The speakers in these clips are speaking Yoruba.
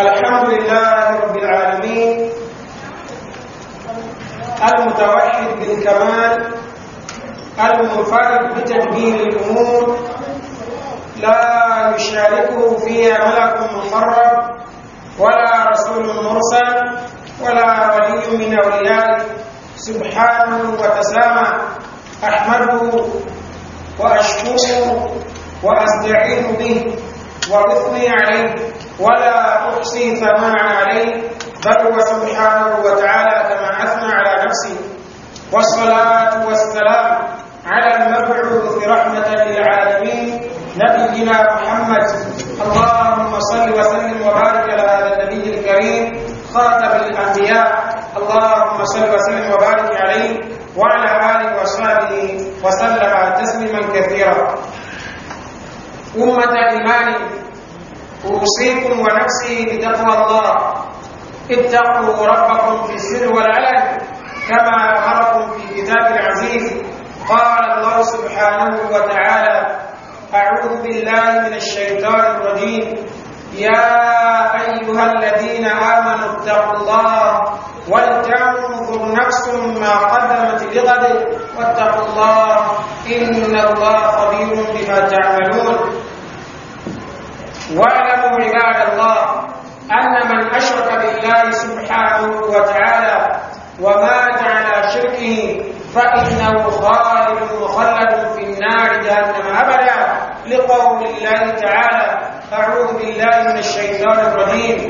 الحمد لله رب العالمين المتوحد بالكمال المنفرد بتدبير الأمور لا يشاركه فيها ملك مقرب ولا رسول مرسل ولا ولي من أوليائه سبحانه وتسامى أحمده وأشكره وأستعين به وأثني عليه ولا أحصي ثناء عليه بل هو سبحانه وتعالى كما أثنى على نفسه والصلاة والسلام على المبعوث رحمة للعالمين نبينا محمد اللهم صل وسلم وبارك على هذا النبي الكريم خاتم الأنبياء اللهم صل وسلم وبارك عليه وعلى آله وصحبه وسلم تسليما كثيرا أمة الإيمان أوصيكم ونفسي بتقوى الله اتقوا ربكم في السر والعلن كما أمركم في كتاب العزيز قال الله سبحانه وتعالى أعوذ بالله من الشيطان الرجيم يا أيها الذين آمنوا اتقوا الله ولتنظر نفس ما قدمت لغد واتقوا الله إن الله خبير بما تعملون واعلموا عباد الله أن من أشرك بالله سبحانه وتعالى ومات على شركه فإنه خالد مخلد في النار جهنم أبدا لقول الله تعالى أعوذ بالله من الشيطان الرجيم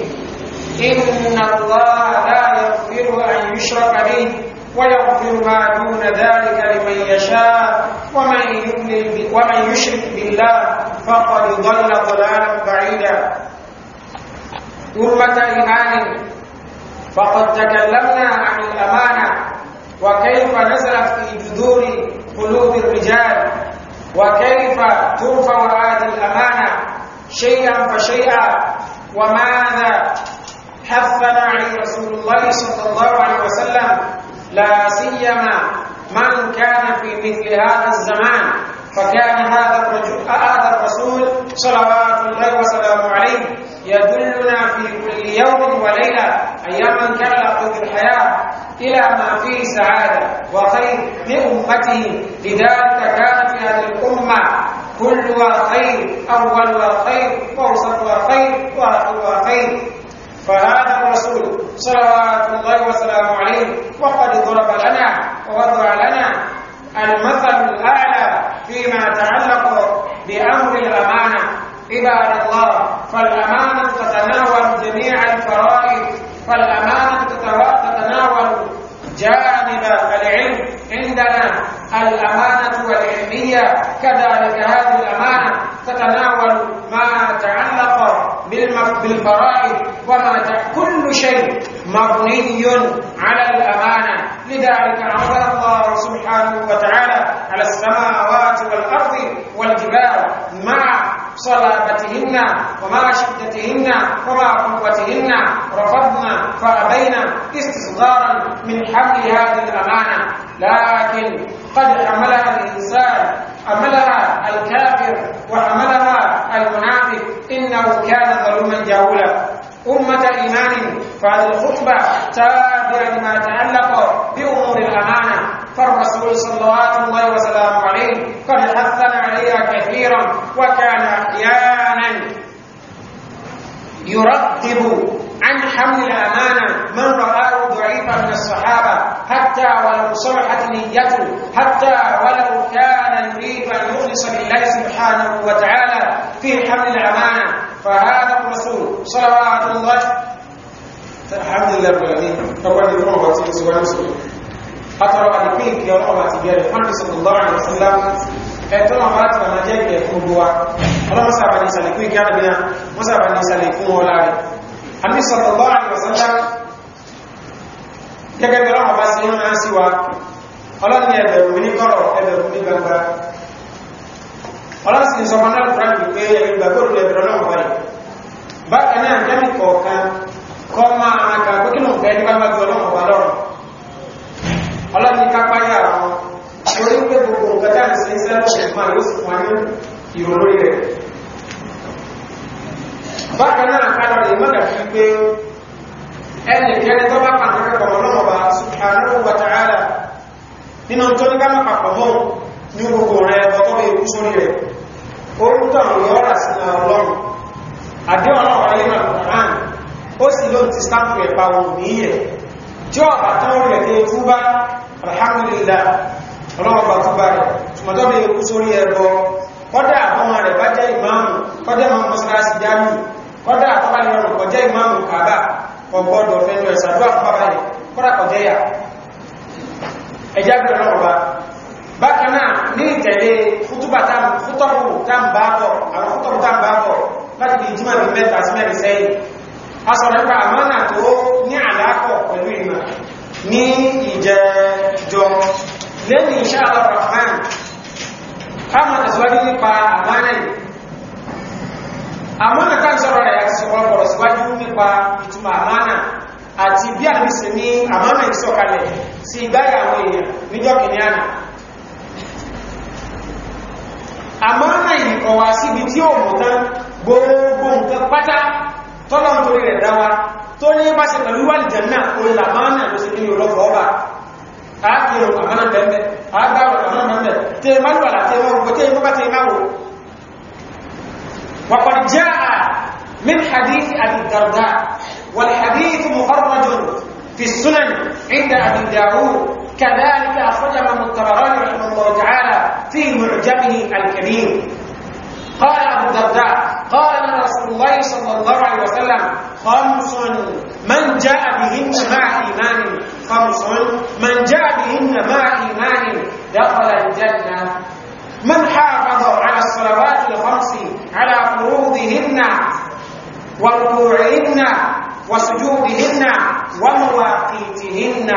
إن الله لا يغفر أن يشرك به ويغفر ما دون ذلك لمن يشاء ومن يؤمن ومن يشرك بالله فقد ضل ضلالا بعيدا تربة إيمان فقد تكلمنا عن الأمانة وكيف نزلت في جذور قلوب الرجال وكيف ترفع هذه الأمانة شيئا فشيئا وماذا حثنا عليه رسول الله صلى الله عليه وسلم لا سيما من كان في مثل هذا الزمان فكان هذا الرجل هذا الرسول صلوات الله وسلامه عليه يدلنا في كل يوم وليله اياما كان قد الحياه الى ما فيه سعاده وخير لامته لذلك كانت هذه الامه كلها خير اولها خير واوسطها خير واخرها خير فهذا الرسول صلوات الله وسلامه عليه وقد ضرب لنا ووضع لنا المثل الأعلى فيما يتعلق بأمر الأمانة عباد الله فالأمانة تتناول جميع الفرائض فالأمانة تتناول جانب العلم عندنا الأمانة والعلمية كذلك هذه الأمانة تتناول ما تعلق بالفرائض وما كل شيء مبني على الأمانة لذلك عرض الله سبحانه وتعالى على السماوات والأرض والجبال مع صلابتهن ومع شدتهن ومع قوتهن رفضنا فأبينا استصغارا من حمل هذه الأمانة لكن قد حملها الإنسان حملها الكافر وحملها المنافق إنه كان ظلما جهولا أمة إيمان فهذه الخطبة تابعة لما تعلق بأمور الأمانة فالرسول صلوات الله وسلامه عليه قد حثنا عليها كثيرا وكان أحيانا يرتب عن حمل الأمانة من رآه ضعيفا من الصحابة حتى ولو صلحت نيته حتى ولو كان يريد أن يخلص لله سبحانه وتعالى في حمل الأمانة فهذا الرسول صلوات الله alhamdulillah bẹ̀rẹ̀ tọ́gbọ́n ní ọmọ tí ó ti wáyé sọ àtọrọ àdìpín ìkẹ́ ọlọ́mọ àti gẹ̀rẹ̀ fún sallallahu alaihi wasallam ẹ̀tọ́ ọmọ láti ọmọ jẹ́ ìkẹ́ fún gbogbo ọlọ́mọ sábà ní ìsàlẹ̀kún ìkẹ́ ọlọ́sìn sọmọ náà fúra wípé ẹ̀rù gbàgbọ́ ìlú báyìí bákan náà jẹ́mì kọ̀ọ̀kan kọ́ máa gbàgbé kí lóun bẹ́ẹ̀ ní bá bá gbé ọlọ́run wà lọ́rùn ọlọ́run ká páyà àwọn orí pé gbogbo nǹkan tá à ń sin iṣẹ́ lọ́sẹ̀ máa yóò sì wá ní ìrònú rẹ̀ bákan náà kálọ̀ lè mọ́dà fi pé ẹnì kẹrin tó bá pàtàkì kọ̀ọ̀ náà wà subhanahu wa ta'ala nínú tó ní ká má papọ̀ mọ́ ní gbogbo rẹ̀ ẹ̀bọ̀ tó bẹ ikú sórí rẹ̀ orúkọ àwọn ọlọ́run àdéhùn ọlọ́run ayé náà kùnán ó sì ló ti stamp rẹ̀ pa wọn ní yẹ tí ó bá tó rẹ̀ ní túbá alhamdulillah ọlọ́ọ̀bá túbá rẹ̀ tùmọ̀tọ́ bí ikú sórí ẹ̀rọ kọ́dà àwọn rẹ̀ bá jẹ́ ìmáàmù kọ́dà máa mọ́sálásí dánù kọ́dà àtọ́bá ní ọrùn kọjá ìmáàmù kàbà ọgbọ́dọ̀ fẹ́lú ẹ̀sàdúrà fún bàbá rẹ̀ kọ́dà kọjá yà a sọ̀rọ̀ nípa àmánà tó ní àlákọ̀ pẹ̀lú ìmọ̀ ní ìjẹjọ lẹ́yìn insha Allah rahman a mọ̀ tẹ̀síwájú nípa àmánà yìí àmánà tá ń sọ̀rọ̀ rẹ̀ àti sọ̀rọ̀ síwájú nípa ìtumọ̀ àmánà àti bí ní àmánà ìsọ̀kalẹ̀ sí ìgbáyà àwọn èèyàn níjọ́ kìnìún àná àmánà yìí kọ̀ wá síbi tí ó mú tán gbogbo nǹkan pátá tọ́lọ́n torí rẹ̀ dáwà tó ní bá ṣe pẹ̀lú àlìjànnà olùlàmánà ló sì ní olófọ́ ọba ààkìrò àmánà bẹ̀ẹ̀bẹ̀ àgbàwọ̀ àmánà bẹ̀ẹ̀bẹ̀ tí ẹ máa wà tí wọ́n gbogbo tí ẹ bá ti máa wò wàkọ̀dì jẹ́ à min hadith àti dàrdà wal hadith mukarrajun fi sunan inda abi dawud kadhalika akhrajahu mutabarani rahimahullah ta'ala fi mu'jamihi al-kabir قال أبو الدرداء قال لنا رسول الله صلى الله عليه وسلم خمس من جاء بهن مع إيمان خمس من جاء بهن مع إيمان دخل الجنة من حافظ على الصلوات الخمس على فروضهن وركوعهن وسجودهن ومواقيتهن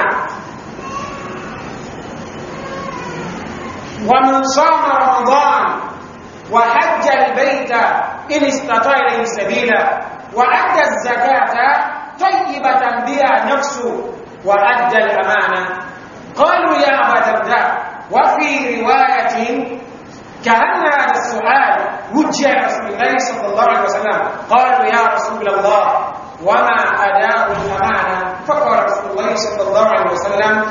ومن صام رمضان وحج البيت إن استطاع إليه سبيلا وأدى الزكاة طيبة بها نفسه وأدى الأمانة قالوا يا أبا الدرداء وفي رواية كأن هذا السؤال وجه رسول الله صلى الله عليه وسلم قالوا يا رسول الله وما أداء الأمانة فقال رسول الله صلى الله عليه وسلم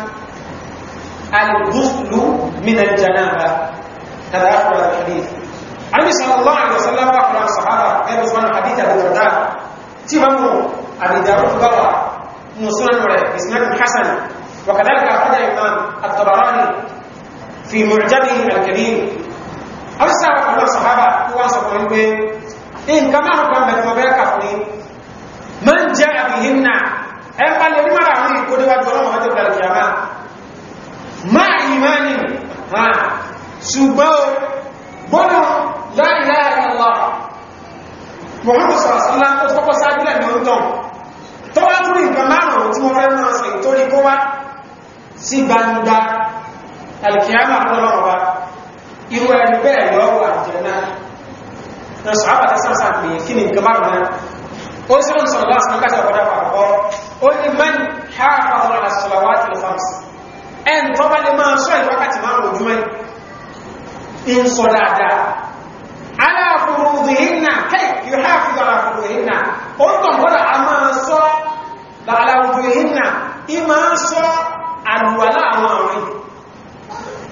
الغسل من الجنابة هذا أقوى الحديث Nabi sallallahu alaihi wasallam wa para sahaba dan eh, mana hadis Abu Darda. Si mamu Abi Dawud bawa nusulan oleh Isnad Hasan wa kadzalika akhraja Imam At-Tabarani fi Mu'jamih al-Kabir. Abu Sa'ad wa sahaba wa sahabat pe in kama hukum dan mabaka ni man ja'a bihinna ay qal li mara ni ko de wa dono ma de dal kiyama ma imani ha subau bono la ilaha Muhammad sallallahu alaihi wasallam tó kọ́kọ́ sáájú lẹ̀ ní ọdún tó wá tún nǹkan márùn-ún tí wọ́n fẹ́ máa ṣe ìtorí kó wá sí gbangba alkiyama ọlọ́ọ̀ba irú ẹni bẹ́ẹ̀ lọ́wọ́ àjẹ́ náà na sọ́ábà ta sánsà pé kí ni nǹkan márùn-ún náà ó sì ń sọ̀rọ̀ láti nípa ìjọba ẹn tó máa sọ ìwákàtí márùn-ún ojúmọ́ ń sọ على فروضهن كي يحافظ على فروضهن قلتم ولا أما صلى على وجوههن إما صلى على ولا أمامي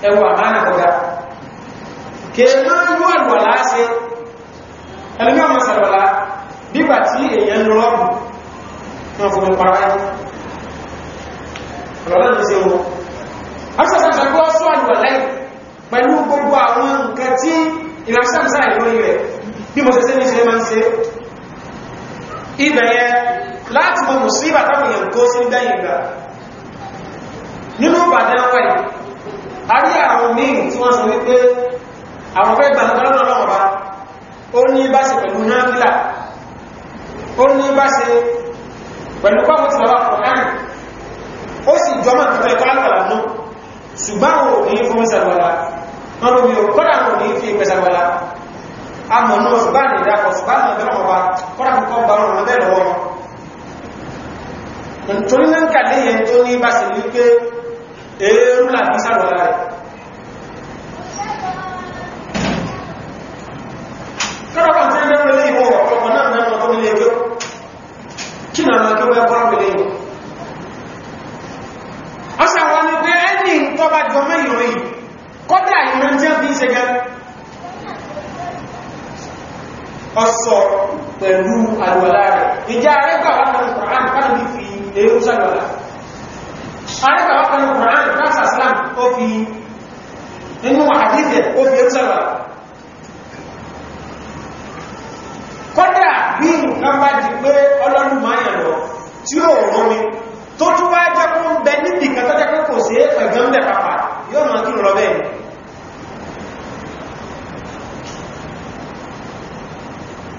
ẹwà bá nà kọjá kèèmá ló àlùwàlá ṣe ẹlùmí ọmọ sàlùwàlá bígbà tí èèyàn lọ rọ́bù wọn fún para ẹ̀ ọ̀rọ̀lá ní ṣe wọn aṣọ́sàṣàgbọ́ sọ àlùwàlá gbogbo àwọn nǹkan tí ìrìn sáà sáà lórí rẹ̀ bí mo sẹ́sẹ́ ní ṣe máa ń ṣe ibẹ̀ yẹn láti mọ mùsùlùmí àtàwọn èèyàn kó sí dẹ́yìn ìgbà nínú ìbàdàn ọkọ̀ a rí àwọn míì tí wọ́n sọ wípé àwọn fẹ́ gbàdúrà lọ́wọ́ ọba ó ní bá ṣe pẹ̀lú náfìlà ó ní bá ṣe pẹ̀lú pàwọn ti lọ́wọ́ ọ̀hán ó sì jọmọ̀ tó fẹ́ kọ́ látàlá mú ṣùgbọ́n àwọn òní fún mẹ́sàlùwàlá wọn lómi ò kọ́dà àwọn fi pẹ̀sẹ̀ wọ́la a mọ̀ ní ọ̀sùn bá ní ìdákọ̀ ṣùgbọ́n àwọn ọ̀bẹ̀rẹ̀ ọba kọ́ra kọ́kọ́ bá wọn bẹ́ẹ̀ lọ́wọ́ nítorí náà kàlẹ́ yẹn tó ní bá sì wípé eérú làbí sàrọ̀lá rẹ̀ kọ́ra kan tí wọ́n lé ìwọ̀ ọmọ náà náà tó lé ẹgbẹ́ kí náà lọ kí wọ́n kọ́ra wọlé yìí ọ̀sẹ̀ wọn ni pé ẹni nǹkan bá jọ mẹ́yìn rẹ̀ kọ́dà ìrìn jẹ́ bí ìṣẹ́gẹ́ ọsọ pẹ̀lú àlùwàlá rẹ̀ ìjẹ́ arẹ́gbà wákàtí kùrán káàdì fi èrú sàlùwàlá arẹ́gbà wákàtí kùrán káàkiri sàlám ó fi inú àdíjẹ̀ ó fi èrú sàlùwàlá kọ́dà bí nǹkan bá di pé ọlọ́dún máa yàn lọ tí ó rán mi tó tún wá jẹ́ kó ń bẹ níbi kan tó jẹ́ kó kò sí ẹ̀gbẹ́ pàpà yóò máa kí lọ bẹ́ẹ̀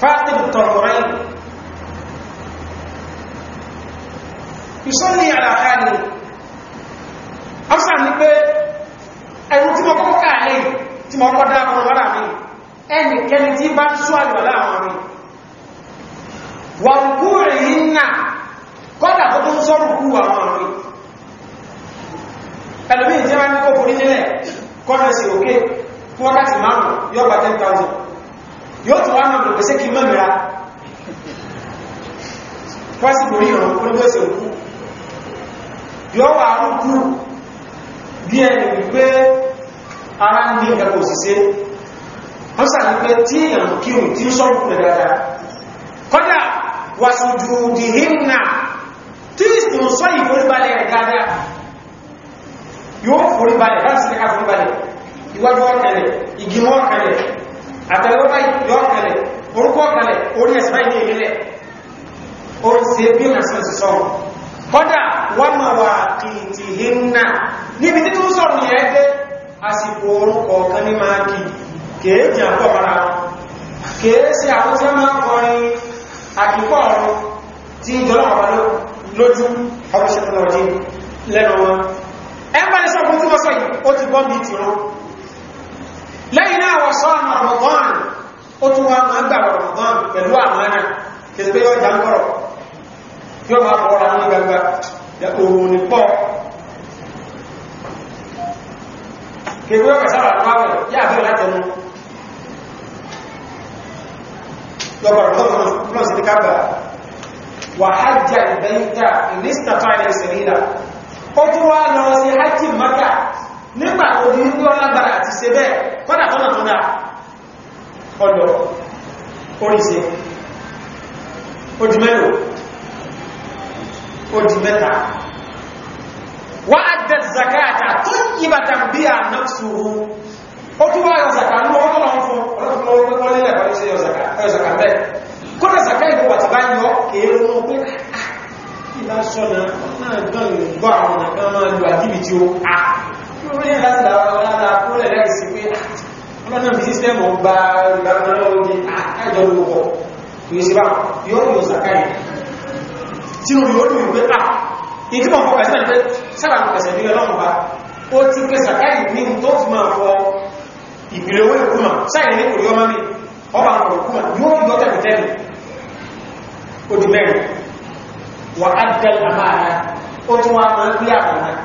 باطل الطهورين يصلي على خاله أصلا نبي ẹ̀rù tí wọ́n kọ́kọ́ àlẹ́ tí wọ́n kọ́dá ọmọ wọ́n rà mí ẹni kẹni tí bá ń ṣọ́ àjọ láàrin mi wọ́n kú rí nà kọ́dà tó tún sọ́rọ̀ kú àwọn mi ẹlòmí ìjẹ́ máa ń kó kò nílẹ̀ kọ́dà sí òkè kí wọ́n láti márùn-ún yọ́gbà 10,000 yóò tún wọ́n lọ pèsè kí mẹ́mìíra pọ́sìkò rí ọ̀rọ̀ kó lóòsè òkú yóò wà rúkú bí ẹni wípé ara ń ní ẹ̀kọ́ òṣìṣẹ́ wọ́n sàrí pé tí èèyàn kírùn tí ń sọ́rùn pẹ̀ dáadáa kọ́dà wà sùjúdù hìnnà tí ìsìn sọ ìforíbalẹ̀ rẹ̀ dáadáa yóò foríbalẹ̀ láti sí ẹ̀ka foríbalẹ̀ ìwájú ọ̀kẹ̀lẹ̀ ìgbìmọ̀ ọ̀kẹ̀lẹ̀ àtẹ̀wọ́ báyìí yọ kalẹ̀ orúkọ kalẹ̀ orí ẹ̀sìn báyìí ní ìrìnlẹ̀ ó ń ṣe bí ọ̀nà sí sọ kọ́dà wọ́n mọ̀ wà kìtì hinna níbi títí ó sọ̀rọ̀ yẹn pé àsìkò orúkọ kan ní máa kì kèé jẹ́ àpọ̀ mara kèé ṣe àwọn tí wọ́n máa kọrin àkíkọ́ ọ̀rọ̀ tí ìjọba ọ̀bá lójú ọ̀rọ̀ ṣe fún ọdún lẹ́nu wọn ẹ bá lè sọ fún lẹ́yìn náà wọ́n sọ ọ̀nà rọ̀mọ́n ó tún wá máa ń gbà rọ̀mọ́n pẹ̀lú àmàna kìí pé yọjà ń bọ̀rọ̀ yóò máa fọwọ́ ra ní gbangba òun ní pọ̀ kìí pé yọjà sára tó wáwẹ̀ yá àbẹ̀rẹ̀ látẹnu yọba rọ̀mọ́n plus ní kábà wà hajjá ìbẹ̀yìntà náà ọlọ oríṣẹ́ odi mẹ́lò wà ádẹ zakata tó yíbàtà bí a náà sòrò ó tó wá yọ zaka ní ọwọ́ lọ́wọ́ fún ọlọ́pọ̀lọ́wọ́lẹ́lẹ́ àbáríṣẹ́ yọ zaka bẹ́ẹ̀ kọ́nà zaka ìwọ̀ na bá yọ ọlọ́nà sísẹ́mù ọba ìgbàmọ́lọ́wọ́ ní àkájọ ah, lóòkọ́ kìí sí bá yóò yóò sàkáyì ah, tí ó yóò ní ìwé à ìdíbọn fọ́ pẹ̀sẹ̀ ní pé sára pẹ̀sẹ̀ ní ọlọ́run bá ó ti pé sàkáyì ní tó fi máa fọ ìpìlẹ̀ owó ìkúmà sáyẹ̀ ní kò yọmọ mi ọba àwọn ìkúmà yóò yọ tẹ̀lé tẹ̀lé ó di mẹ́rin wà á dẹ́l àmà àná ó tún wá máa ń gbé àmà náà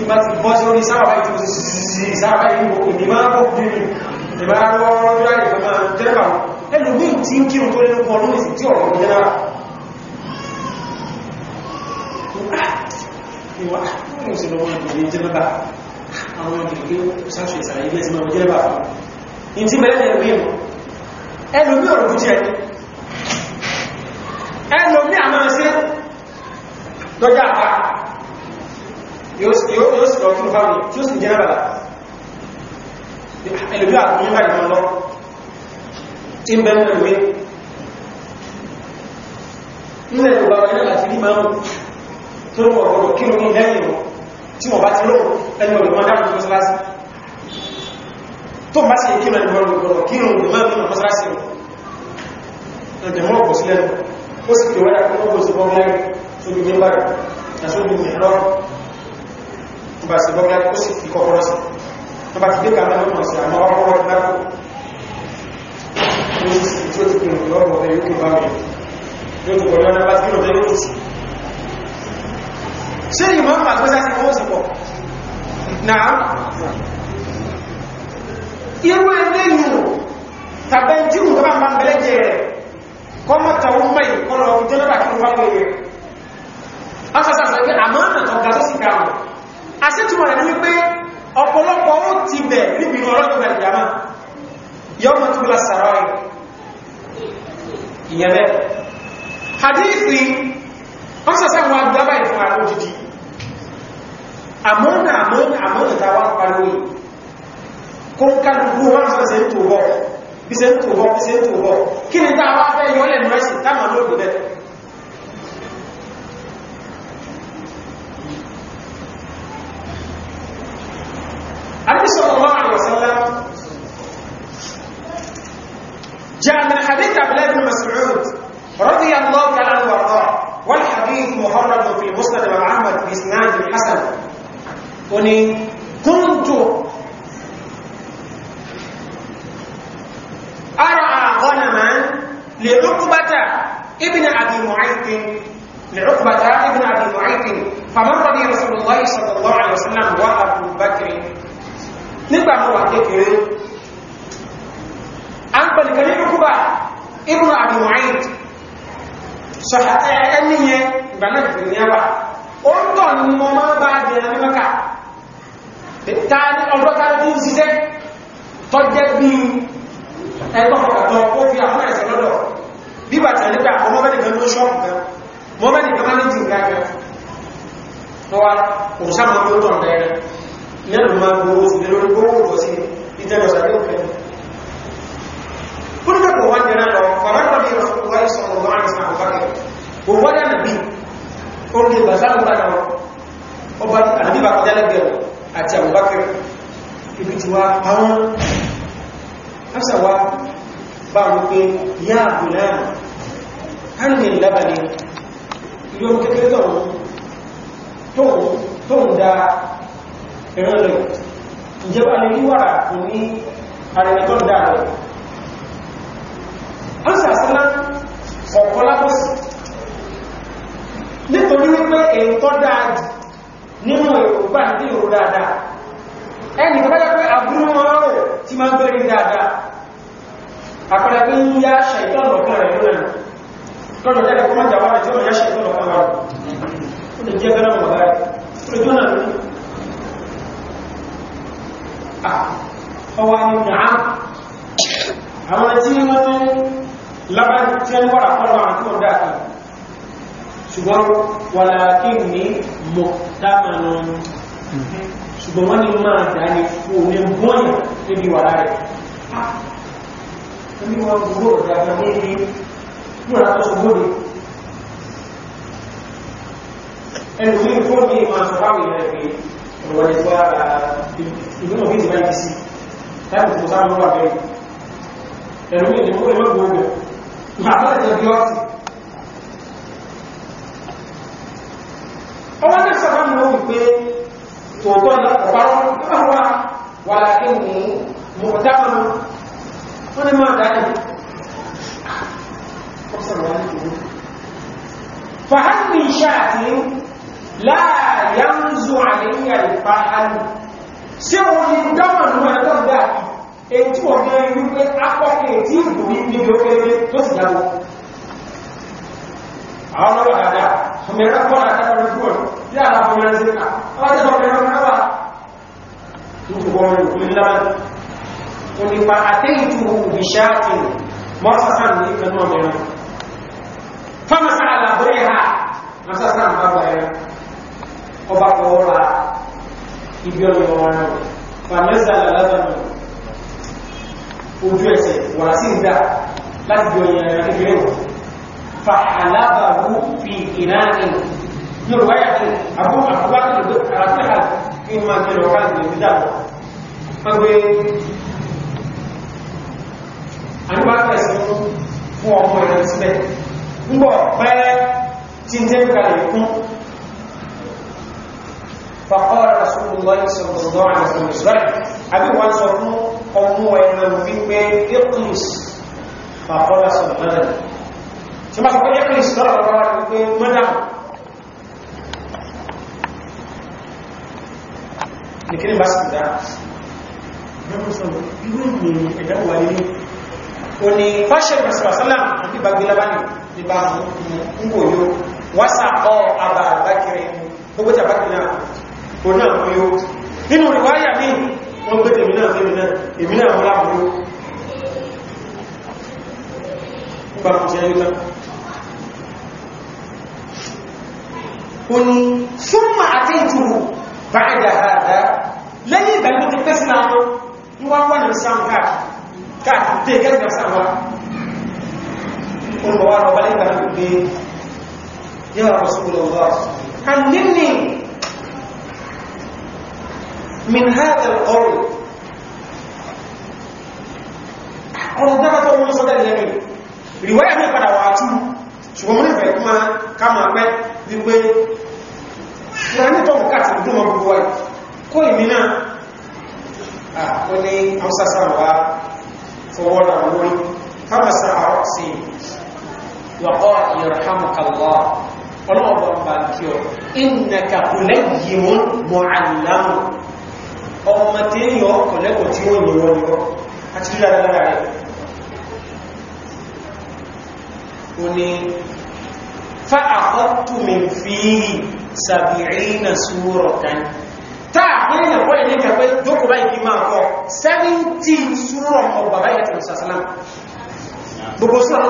tí ma ti bọ́ sí orí sáàbà ìtò sí sáàbà ìwò ìdímá ọkùnrin ìdímá ọrọ̀ ìdáyẹ̀ fún ma jẹ́rẹ̀bà ẹlùmí tí ń kírun tó lẹ́nu kan lórí sí tí ọ̀rọ̀ ìyẹn lára ah, ìwà ìwọ̀n sí lọ́wọ́ ìdílé jẹ́rẹ̀bà àwọn ìdílé sáṣẹ̀ ìsàlẹ̀ ilé ti ma jẹ́rẹ̀bà fún lọ kí fáwọn tí ó sì jẹ́ bàbá ẹlòmí àkùnrin bá ìmọ̀ lọ tí ń bẹ nínú ìwé nílẹ̀ yorùbá wọn náà àti rímọ̀ ọ̀hún tó rọ̀ ọ̀rọ̀ kí ló ní lẹ́yìn wọn tí wọ́n bá ti lọ ẹni ọ̀rọ̀ wọn dáhùn mọ́sálásí tó bá sì kí lọ ọ̀rọ̀ kí ló ní mọ́sálásí ẹ̀dẹ̀mọ́ ọ̀pọ̀ sílẹ̀ ó sì kí wọ́n dá kí wọ́n bá sí lọ́rọ̀ ó sì fi kọ́kọ́rọ́ sí wọ́n bá ti dé kàmẹ́ lọ́nà sí àmọ́ ọkọ̀rọ̀ dákò ó sì sí tí ó ti pè lọ́rọ̀ ọ̀rẹ́ yóò bá rẹ̀ yóò tó kọ̀rọ̀ náà bá ti kírọ̀ yóò sì ṣé ìmọ̀ ń pàtó sásì wọ́n sì pọ̀ náà irú ẹgbẹ́ yìí tàbẹ́ntì ń tọ́ bá máa ń bẹ̀rẹ̀ jẹ́ rẹ̀ kọ́mọ̀ tàwọn mẹ́yìn kọ́lọ̀ ọ̀rọ̀ jẹ́ lọ́bà kí wọ́n wá lóye asasasa ẹgbẹ́ àmọ́ ọ̀nà tó ga sọ́sì dáhùn asẹ́tùmọ̀ rẹ̀ ní pé ọ̀pọ̀lọpọ̀ ó ti bẹ̀ níbi ọlọ́dún ẹ̀dàmà yọ́mọ̀ tó lá sàrọ̀ rẹ̀ ìyẹn bẹ́ẹ̀ hadithi wọ́n sọ́sẹ́ wọn agbábà ìfún àrùn òjìdí àmọ́nà àmọ́nà àmọ́nà tàwọn pariwo yìí kó ń kálùkù wọ́n sọ́sẹ́ ń tò bọ́ bí ṣe ń tò bọ́ bí ṣe ń tò bọ́ kí ni táwọn afẹ́ yọ́lẹ̀ nọ́ẹ̀sì táwọn olóògbé bẹ́ẹ̀ رضي الله تعالى عنه وارضاه والحديث محرم في مسلم بن احمد باسناد حسن وني ọwọ́ ni dàá àwọn tí wọ́n ní lábẹ́ tí wọ́n wà pọ̀lọ̀ àwọn tí wọ́n dà kan ṣùgbọ́n wà láàkí ní mọ̀ dámànà ṣùgbọ́n wọ́n ni máa dà ní fún omi gbọ́nyà níbi wà láàrẹ̀ ah! ní wọ́n gbogbo ìdàgbà ní ibi múra tó pé ọ̀rọ̀ ìgbà ah, ìgbìmọ̀ bí ìgbà ìgbìsí láti fún sáà lọ́wọ́ abẹ́rẹ́ ẹ̀rù mi ìdìbò ìwé gbogbo màá ìjọ bí ọ́sì ọwọ́ ní sábà mọ́ wípé tòótọ́ ní ọ̀pá wà wà láti mú mọ̀tá mọ́ wọ́n ní máa dáná فهل من شاة لا ينزع علي الفحل ṣé wọ́n ní dámà ní wọ́n ẹ̀kọ́ ìgbà èyí wọ́n ní ẹni pé akọ́kẹ́ tí ìbò ní ní orílẹ̀ tó sì dáwọ́ àwọn ọlọ́wọ́ àdá ọmọdé kọ́ àtàkọ́ ìgbòrò tí àlà fọmọdé sí ká ọlọ́dẹ́ ọmọdé ọmọdé wà ẹ̀ ọba kọ̀ọ̀rọ̀ ibi ọ̀nà wọn náà fàmẹ́sà alábàmù ojú ẹsẹ̀ wà sí ìdá láti bí ọ̀yìn ẹ̀rọ kékeré wọn fa alábàmù fi ìná ẹ̀nà ní ọ̀rọ̀ wáyà kí àbúrò àbúrò àti àlàfíà kí n máa فقال رسول الله صلى الله عليه وسلم أبي وان صرمو قومو وينمو في اقلس فقال صلى الله عليه وسلم ثم فقال اقلس ترى الله منع لكن بس كده oni fashion rasulullah sallam ti bagila bani ti babu ngoyo wasa o abarbakire bugo ta bagila kò náà fún yóò nínú ìwáyà ní wọ́n gbé tèmi náà sí ìrìnà èmi náà wọ́n láàrín yóò bá kù sí ẹyọ́ tán ó ní súnmà àti ìjùmù bá ẹ̀dà àdá lẹ́yìn ìgbàgbó ti pẹ́ sílá ní wọ́n wọ́n ní sáà káàkiri tẹ́ gẹ́gẹ́ sáà wá ó lọ wá lọ bá lẹ́gbàá yóò gbé yára rasulullah kàndínní من هذا القرن قرن ده كان من صدر النبي روايه من قد واتو ṣùgbọ́n mo nífẹ̀ẹ́ kí máa ká máa pẹ́ wípé ìrànítọ̀mù káàtì ìdúnmọ̀ gbogbo wáyé kó ìmì náà àkọ́ ní amsasàwà fọwọ́ náà lórí fábàsà ọmọ tí ń yọ ọ̀lẹ́kọ̀ tí ó yìnbọn ni wọ́n àti lílà lára rẹ̀ o ni fa àkọ́tù mi fi sàbìrínà súrọ̀ dání táà wọ́n yìnbọn kọ́ ilé kẹfẹ́ jókòó báyìí kí máa kọ́ 70 súrọ̀ ọgbà báyìí àti ìsàsánà gbogbo súrọ̀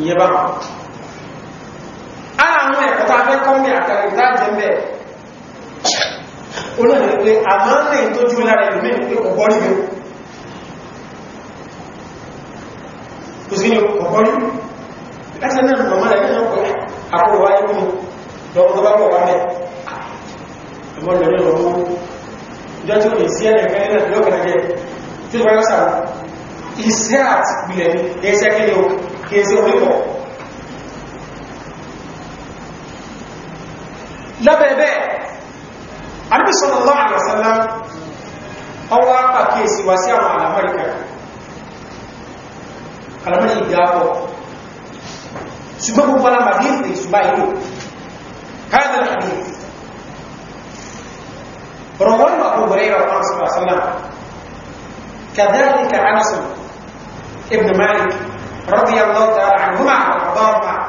ìyẹn bá ara àwọn ẹ̀kọ́ tó afẹ́kọ́ ní àtàrí ìtajẹ́ mẹ́ olóòrùn pé àmọ́ ní ìtójú lára ìlú mẹ́rin pé ọgbọ́rí yóò kò sí ní ọgbọ́rí ẹsẹ̀ náà mọ̀mọ́ rẹ̀ nínú ọkọ̀ àkọ́rọ̀ wáyé mú lọ́wọ́ tó bá bọ̀ wá mẹ́ ẹ̀mọ́ lọ́rẹ́ lọ́wọ́ ìjọ tí ó lè sí ẹ̀rẹ̀ mẹ́rin náà lọ́kẹ̀ẹ́gẹ́ tí ó bá yọ́ sàrọ̀ ìṣẹ́ àtìpìlẹ̀ ẹ̀ṣẹ́ kí ni ó كيسي وليكو لا بابا عمي صلى الله عليه وسلم أو أقا كيسي واسيام على مريكا على مريكا جاءه سبب فلا مدير في سبايه هذا الحديث رواه أبو هريرة صلى الله عليه وسلم كذلك عنصر ابن مالك رضي الله تعالى عنهما وارضاهما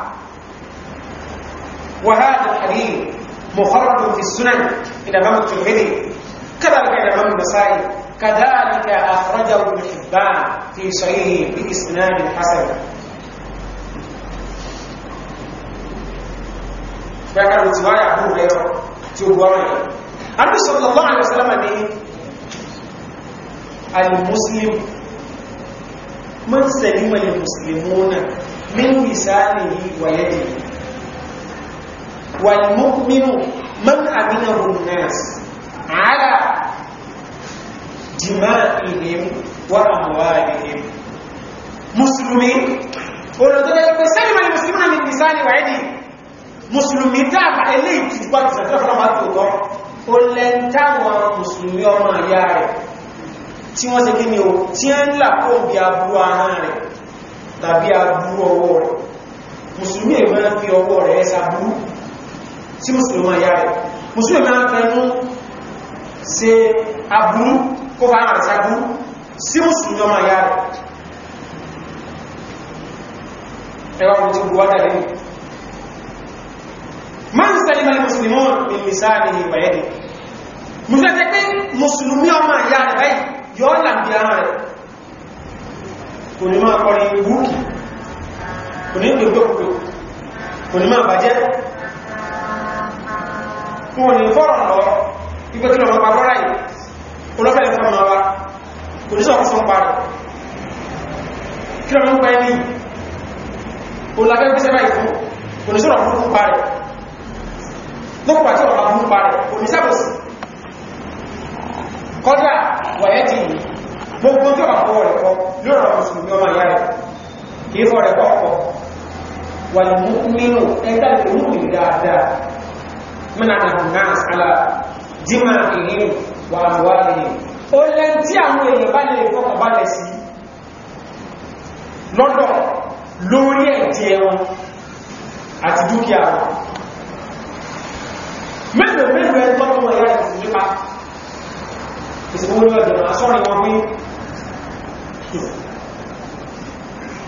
وهذا الحديث مخرج في السنن الى امام الترمذي كذلك الى امام النسائي كذلك اخرجه ابن حبان في صحيحه باسناد حسن ذكر روايه ابو هريره تبوره النبي صلى الله عليه وسلم المسلم من سلم المسلمون من لسانه ويده والمؤمن من أمنه الناس على دمائهم وأموالهم مسلمين olùdó lẹ́yìn pé sẹ́yìn mẹ́lẹ̀ mùsùlùmí ní ìsáni wáyé mùsùlùmí dáàbà eléyìí tí gbọ́dọ̀ sẹ́fẹ́ fọ́nà bá tó tọ́ ó lẹ́ntàwọn mùsùlùmí ọmọ ìyá rẹ̀ tí wọ́n ṣe kí ni o tí ẹ ń là kó bí aburú ara rẹ̀ tàbí aburú ọwọ́ rẹ̀ mùsùlùmí èmọ́ fi ọwọ́ rẹ̀ ẹ́sà burú tí mùsùlùmí ọ̀yá rẹ̀ mùsùlùmí máa ń fẹnu ṣe aburú kó bá rẹ̀ sá burú sí mùsùlùmí ọmọ ọ̀yá rẹ̀ ẹwà kò ti bu wá dàrí máa ń sẹ́lẹ̀ mẹ́lẹ̀ mùsùlùmí ọ̀rọ̀ ìlìsáà ni ìbàyẹ̀dẹ̀ mùsùlùmí ọmọ ọ̀yá rẹ̀ báyìí yọ́ làbí ara rẹ̀ kò ní máa kọrin búùkì kò ní gbogbo kò ní máa bàjẹ́ fún òní fọ́rọ̀ lọ ipé kí lọ́mọ pàbọ́rá yìí olófẹ́lẹ̀ fọ́mọ wa kò ní sọ́kọ́ sọ́pàá rẹ̀ kí lọ́mọ pa ẹni olàfẹ́ gbíṣẹ́ báyìí fún fún pàrẹ̀ lọ́pàá tí ọ̀pàá fún pàrẹ̀ kò ní kọ́dà wọ̀yẹ́ ti yìí gbogbo tí ọ̀pọ̀ fọwọ́ rẹ̀ kọ lórí ọ̀rọ̀ mùsùlùmí ọmọ ìyá rẹ̀ kì í fọ rẹ̀ kọ́ ọ̀pọ̀ wà ní mú nínú ẹgbẹ́ ìlú mi dáadáa mẹ́nà nàìjíríà sálà dìmà ìhìn wà àmúwá nìyẹn ó lẹ́ tí àwọn èèyàn bá lè fọkàn balẹ̀ sí lọ́dọ̀ lórí ẹ̀jẹ̀ sì mú lọ́dọ̀ asọ́rin wọn pín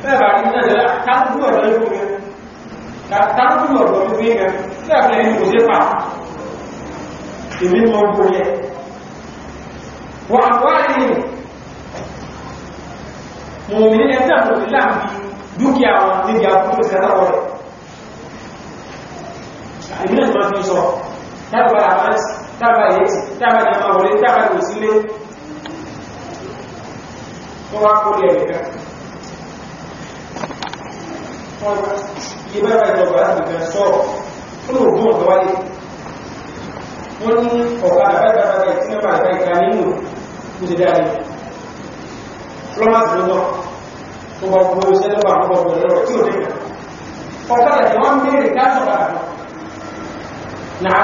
bẹ́ẹ̀bà kí náà jẹ́lá tábù ọ̀dọ̀ ikú mi tábù ọ̀dọ̀ ikú mi gan lẹ́ẹ̀fẹ́ ní kò sí pa èmi mọ gbogbo yẹ wà wáyé mo mi ní ẹjọ́ àmọ́ dábàá yìí dábàá jẹ máa wọlé dábàá lò sílé wọ́n wá kó lẹ̀ nìkan wọ́n yé bàbá ìjọba láti gan sọ̀rọ̀ ó lò gún ọ̀gá wáyé wọ́n ní ọ̀gá àbájáde tí wọ́n bá àgbá ìka nínú ìdílé ayé florence lọ́nà tó bá gbogbo iṣẹ́ lọ́wọ́ àwọn ọmọ ọ̀rọ̀ tí ò dé ọ̀gá ìjọba ń béèrè dáàbò bàbá náà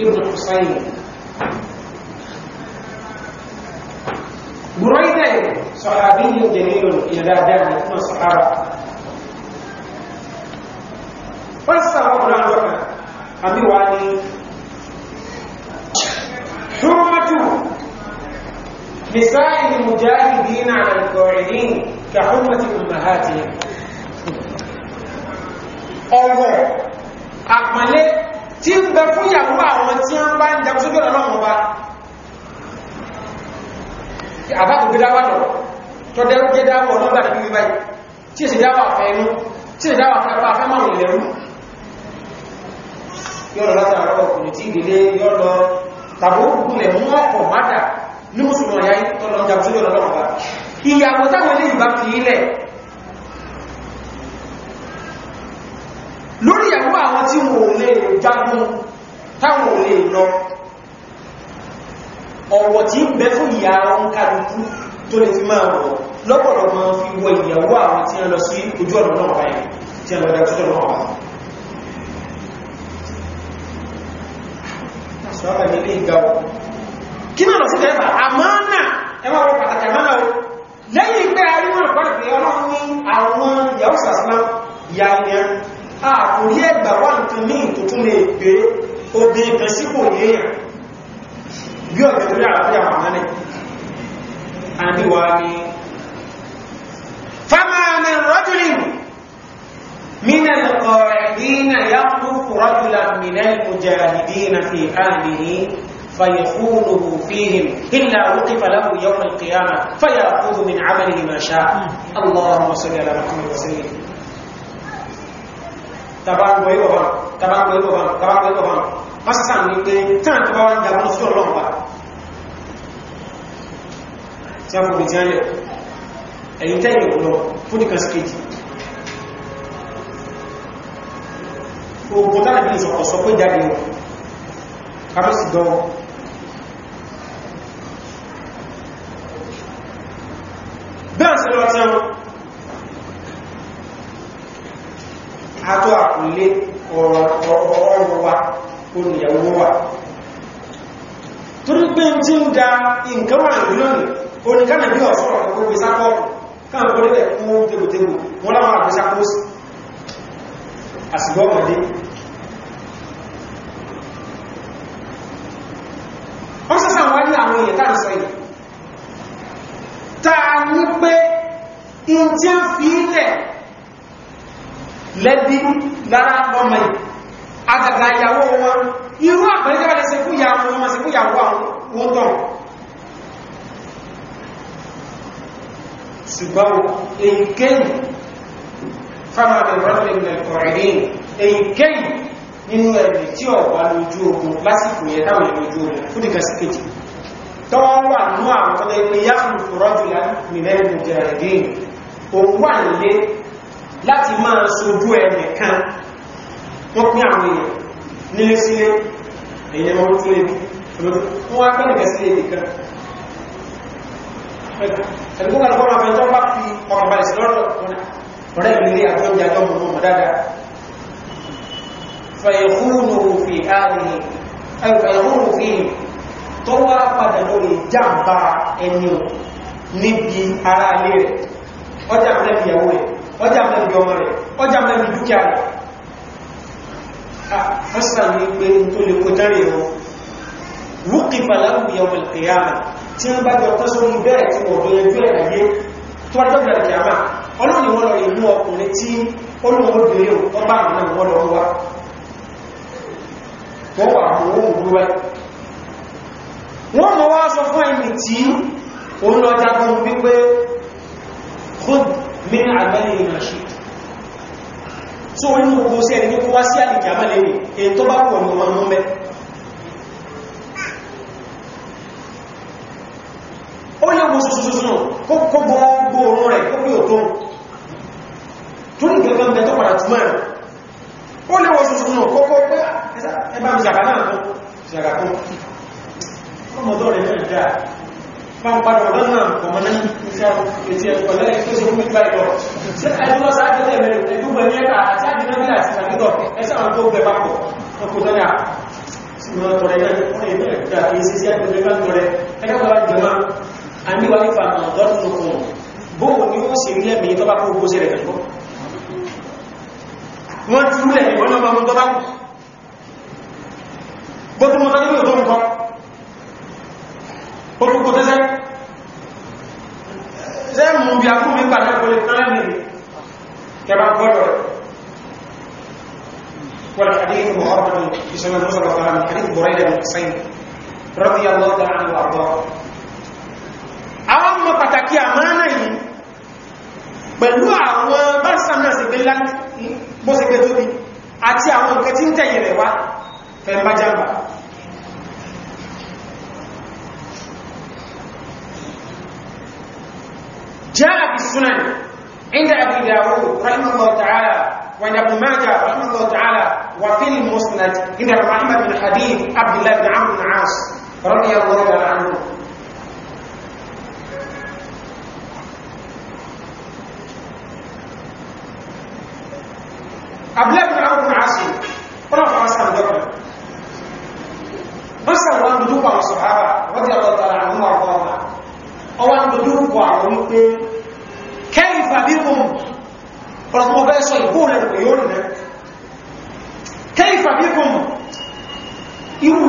ابن حسين بريدة صحابي جليل يدادان من الصحابة فسر ابن عمر أبي علي حرمة نساء المجاهدين على القاعدين كحرمة أمهاتهم gbé dáwà lọ tó dẹ́rú jẹ́ dáwà ọlọ́gbà ní gbígbá yìí tí èsì dáwà fẹ́ ẹnu tí èsì dáwà fẹ́ fẹ́ máa wòlẹ̀ ẹnu yọ́lọ látàrọ ọkùnrin tí ìdílé yọ́lọ tàbí òkùnkùnlẹ̀ mú ọkọ̀ mádà ní mùsùlùmọ̀ ya tọ́lọ jàbùsù yọ́lọ lọ́wọ́ ìyàwó táwọn ilé ìbá fi ilẹ̀ lórí ìyàwó àwọn tí wọ́n lè jagun táwọn olè lọ ọ̀wọ̀ tí ń bẹ fún ìyà ọ̀nkàlùkù tó lè fi máa rọ̀ lọ́pọ̀lọpọ̀ fi wọ ìyàwó àwọn tí wọ́n lọ sí ojú ọ̀nà náà wáyé tí wọ́n lọ́dá tó náà wá sọ́ọ́bà ní ilé ìgbàwó kí náà lọ sí tẹ́fà àmánà ẹwà rọ pàtàkì àmánà o lẹ́yìn ìgbẹ́ àríwọ̀n pàtàkì ọlọ́run ní àwọn yàwó sàsánà yàyàn àkòrí ẹgbà wà nǹkan ní ìtòtún lè gbé obìnrin kan sípò yéèyàn bí ọ̀gẹ̀dẹ̀ àti àwọn àmánà ani wani fama min rajulin min al-qa'idin yaqtu rajulan min al-mujahidin fi فيخونه فيهم إلا وقف له يوم القيامة فيأخذ من عمله ما شاء اللهم صل على محمد وسلم تبارك ويبوها تبارك ويبوها تبارك ويبوها فسان يبوها تبارك ويبوها تبارك ويبوها kí a fún ìtí alẹ́ ẹ̀yìn tẹ́yìn lọ fún ní kàsíkèjì ogun tánà bí ìsọ̀kọ̀ sọ pé jáde wọn káfẹ́sì dánwọ́ bẹ́ẹ̀ sí lọ tí wọn àtọ́ àkùnlé ọ̀rọ̀ wa olùyàwó wa torí pé tí ń da nǹkan wà nílọ́nìí oníkànnà bí ọ̀sọ́rọ̀ tó gbogbo ìsákọ́ọ̀rù káàkiri kó nílẹ̀ kú tèbùtèbù wọ́n láwọn àgbésákóòsì àsìgbọ́ ọmọdé wọ́n sẹ́sẹ̀ wọ́n ní àwọn èèyàn táà sọ yìí táà ní pé in tí ń fi ilẹ̀ lẹ́bí lára ọmọ yìí àgàgà ìyàwó wọn irú àpẹẹrẹ jẹ́ ṣùgbọ́n èyíkéyìí fáwọn àmìrànlẹ̀ ilẹ̀ kọ̀rìnì èyíkéyìí nínú ẹ̀mí tí ọ̀wà lójú ogun lásìkò yẹ táwọn lójú ogun fún ìgbà sí kejì tọ́wọ́ wà ní àwọn tọ́lẹ̀ ilé yáfùn fúrọ́jùlá nílẹ̀ ìgbòjẹ̀rẹ̀dín òun wà nílé láti máa sojú ẹ̀mẹ̀ kan wọ́n pín àwọn èèyàn nílé sílé èèyàn wọn tún lè wọ́n wá pẹ́ nìkan sílé nìkan ẹ̀rùkú kan kọ́nà àpẹẹtọ́ bá fi ọkọ̀ balẹ̀ sí lọ́rọ̀ ọ̀rẹ́ ìrìnlẹ̀ àti ọjà tó mú mọ̀ dáadáa fẹ̀yẹ̀kúrùnù fi àárín ẹ̀fẹ̀yẹ̀kúrùnù fi tó wá padà lórí jàmbá ẹni níbi ara ilé rẹ̀ ọjà mẹ́bí ìyàwó rẹ̀ ọjà mẹ́bí ọmọ rẹ̀ ọjà mẹ́bí dúkìá rẹ̀ ọ̀sán ní pé tó lè kó jẹ́rìí wọn wúkìfà tí wọ́n bá jọ tọ́sọ́rún bẹ́ẹ̀ tí wọ́n tó yẹjú ẹ̀ láyé tó wájú ọ̀gbà ìyàmá ọlọ́run wọ́n lọ ìlú ọkùnrin tí olóògbèrè ọba àwọn náà wọ́n lọ wá wọ́n wà mọ́ ohun gbúwẹ́ wọ́n mọ́ wá sọ fún ẹni tí òun lọ jagun wípé hood min àgbẹ́lẹ̀ ìrìnàṣì tó orí mú gbogbo sí ẹni tó wá sí àdìkàmẹ́lẹ̀ èyí tó bá pọ̀ mọ́ mọ́ mẹ́ mú ṣùṣùṣù kó kó gbogbo òun rẹ̀ kó pé òtún tó ní gẹ́gẹ́ mẹ́tọ́ padà túnmọ̀ ó lè wọ ṣùṣù náà kó kó pé ah, ẹbá mi ṣàkà náà kún ṣàkà kún ọmọdé rẹ̀ náà dáa pàpàdà ọ̀dọ́ náà kọmọ náà iṣẹ́ ètí ẹ̀kọ́ lẹ́yìn tó ṣe fún ìgbà ìgbọ̀ ṣe ẹjọ́ sáájẹ́lẹ̀ mẹ́rin ẹgbùgbẹ̀ ní ẹ̀kà àti àdínábílà àti ìrìnàgbìtọ̀ ẹ̀ṣẹ́ àwọn tó gbẹ papọ̀ ọkọ̀ tó náà sí mọ́ tọrẹ náà a ní wà nípa àdọ́nù ohun bóò ní ó sì rí lẹ́mìí tọ́bá kó gbó sí rẹ̀ kẹ́kọ́ wọ́n ti rú lẹ́mìí wọ́n lọ́mọ tọ́bá bó tó mọ́ tọ́lú ìlú nǹkan ó tó kó tẹ́sẹ́ sẹ́mù bí akú mi pàdé kó lè tán lẹ́mìí kẹba gbọ́dọ̀ wọ́n àdéhùn ọ̀rọ̀ ìṣẹ́lẹ̀ mọ́sọ̀rọ̀ fara mi àdéhùn bọ̀rẹ́ ìdẹ̀mọ̀ sẹ́yìn àti àmánà yìí pẹ̀lú àwọn báṣánà sì gbé láti bó sì gbé tóbi àti àwọn nǹkan tí ń tẹ̀yìn rẹ̀ wá fẹ̀mbá jàmbá جاء في السنن عند أبي داود رحمه الله تعالى وعند ابن ماجه رحمه الله تعالى وفي المسند عند محمد بن حبيب عبد الله بن عمرو بن عاص رضي الله تعالى عنه abúlẹ́bùn àwọn àṣì ọlọ́pàá wá sáà lọ́pàá wọ́n sáà wọ́n dojú pa àwọn sọ̀hábà wọ́n ti ọ̀rọ̀ tara àwọn ọ̀rọ̀ ọ̀la ọwọ́n dojú pa àwọn wípé kẹ́rì fàbíkùn ọ̀rọ̀ tó bẹ́ẹ̀ sọ ìkó rẹ̀ rẹ̀ yóò rẹ̀ kẹ́rì fàbíkùn irú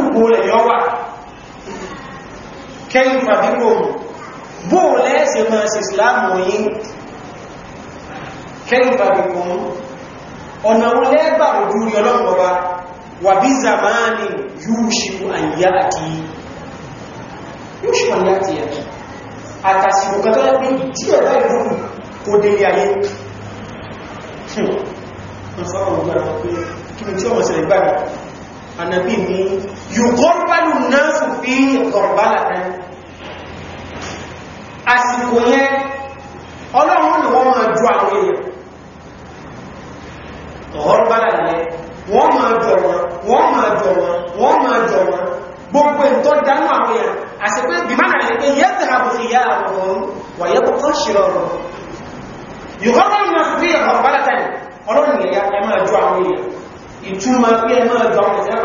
ṣe ìsìlámù yìí kẹ́rì fàbíkùn ọ̀nà wọn lẹ́gbà ojú rí ọlọ́pọ̀wá wà bí zamani yúúṣìkú àyíyá àti yúúṣìkú àyíyá àti ẹ̀kì àtàsìkò kan tó yẹ pé hmm. tí ẹ̀rọ ìrùn kò délé ayé Ànàbí ni, yùkọ́rùbálù náà fún bí ìkọ̀rùbálà náà. Àsìkò yẹn, ọlọ́run ni wọ́n máa ju ọ̀rọ̀ bára nìyẹn wọ́n máa jọ wọn wọ́n máa jọ wọn wọ́n máa jọ wọn gbogbo ìtọ́ dánú àwọn èèyàn àṣepé bìmánà lè pé yẹ́ tẹ̀hàbù ìyá àwọn ọ̀run wàyẹ́ kò tó ṣe ọ̀rọ̀ yòókọ́rọ̀ máa fi ọ̀rọ̀ bára tani ọlọ́run ẹ̀yà ẹ máa jọ àwọn èèyàn ìtumọ̀ pé ẹ máa jọ àwọn ìṣẹ́lẹ̀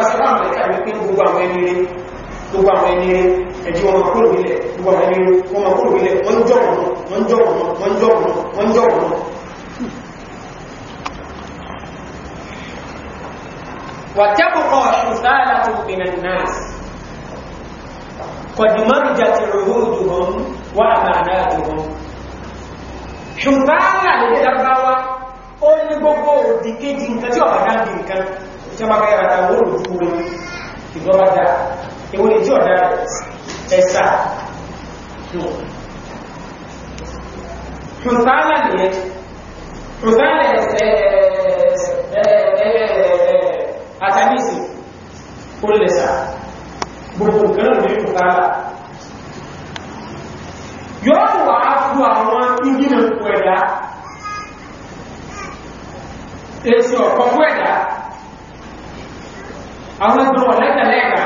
pàṣẹ وتبقى حثالة من الناس قد مرجت عهودهم وأماناتهم حثالة للأربعة ó ní gbogbo òdì kéjì nǹkan tí ọ̀bá dá bí nǹkan tí ọba káyà rárá owó òdì fún wọn ìgbọ́bá dá ewu ni tí ọ̀dá ẹ̀sà ṣùgbọ́n nìyẹn ṣùgbọ́n ẹ̀ẹ́ àtàlísì kó lẹ́sà gbogbo nǹkan lè rí bùkálà yóò wà á fún àwọn ìgbìmọ̀ ìpò ẹ̀dá èsì ọ̀pọ̀ fún ẹ̀dá àwọn ẹgbẹ̀rún ọ̀lẹ́tẹ̀lẹ́gbà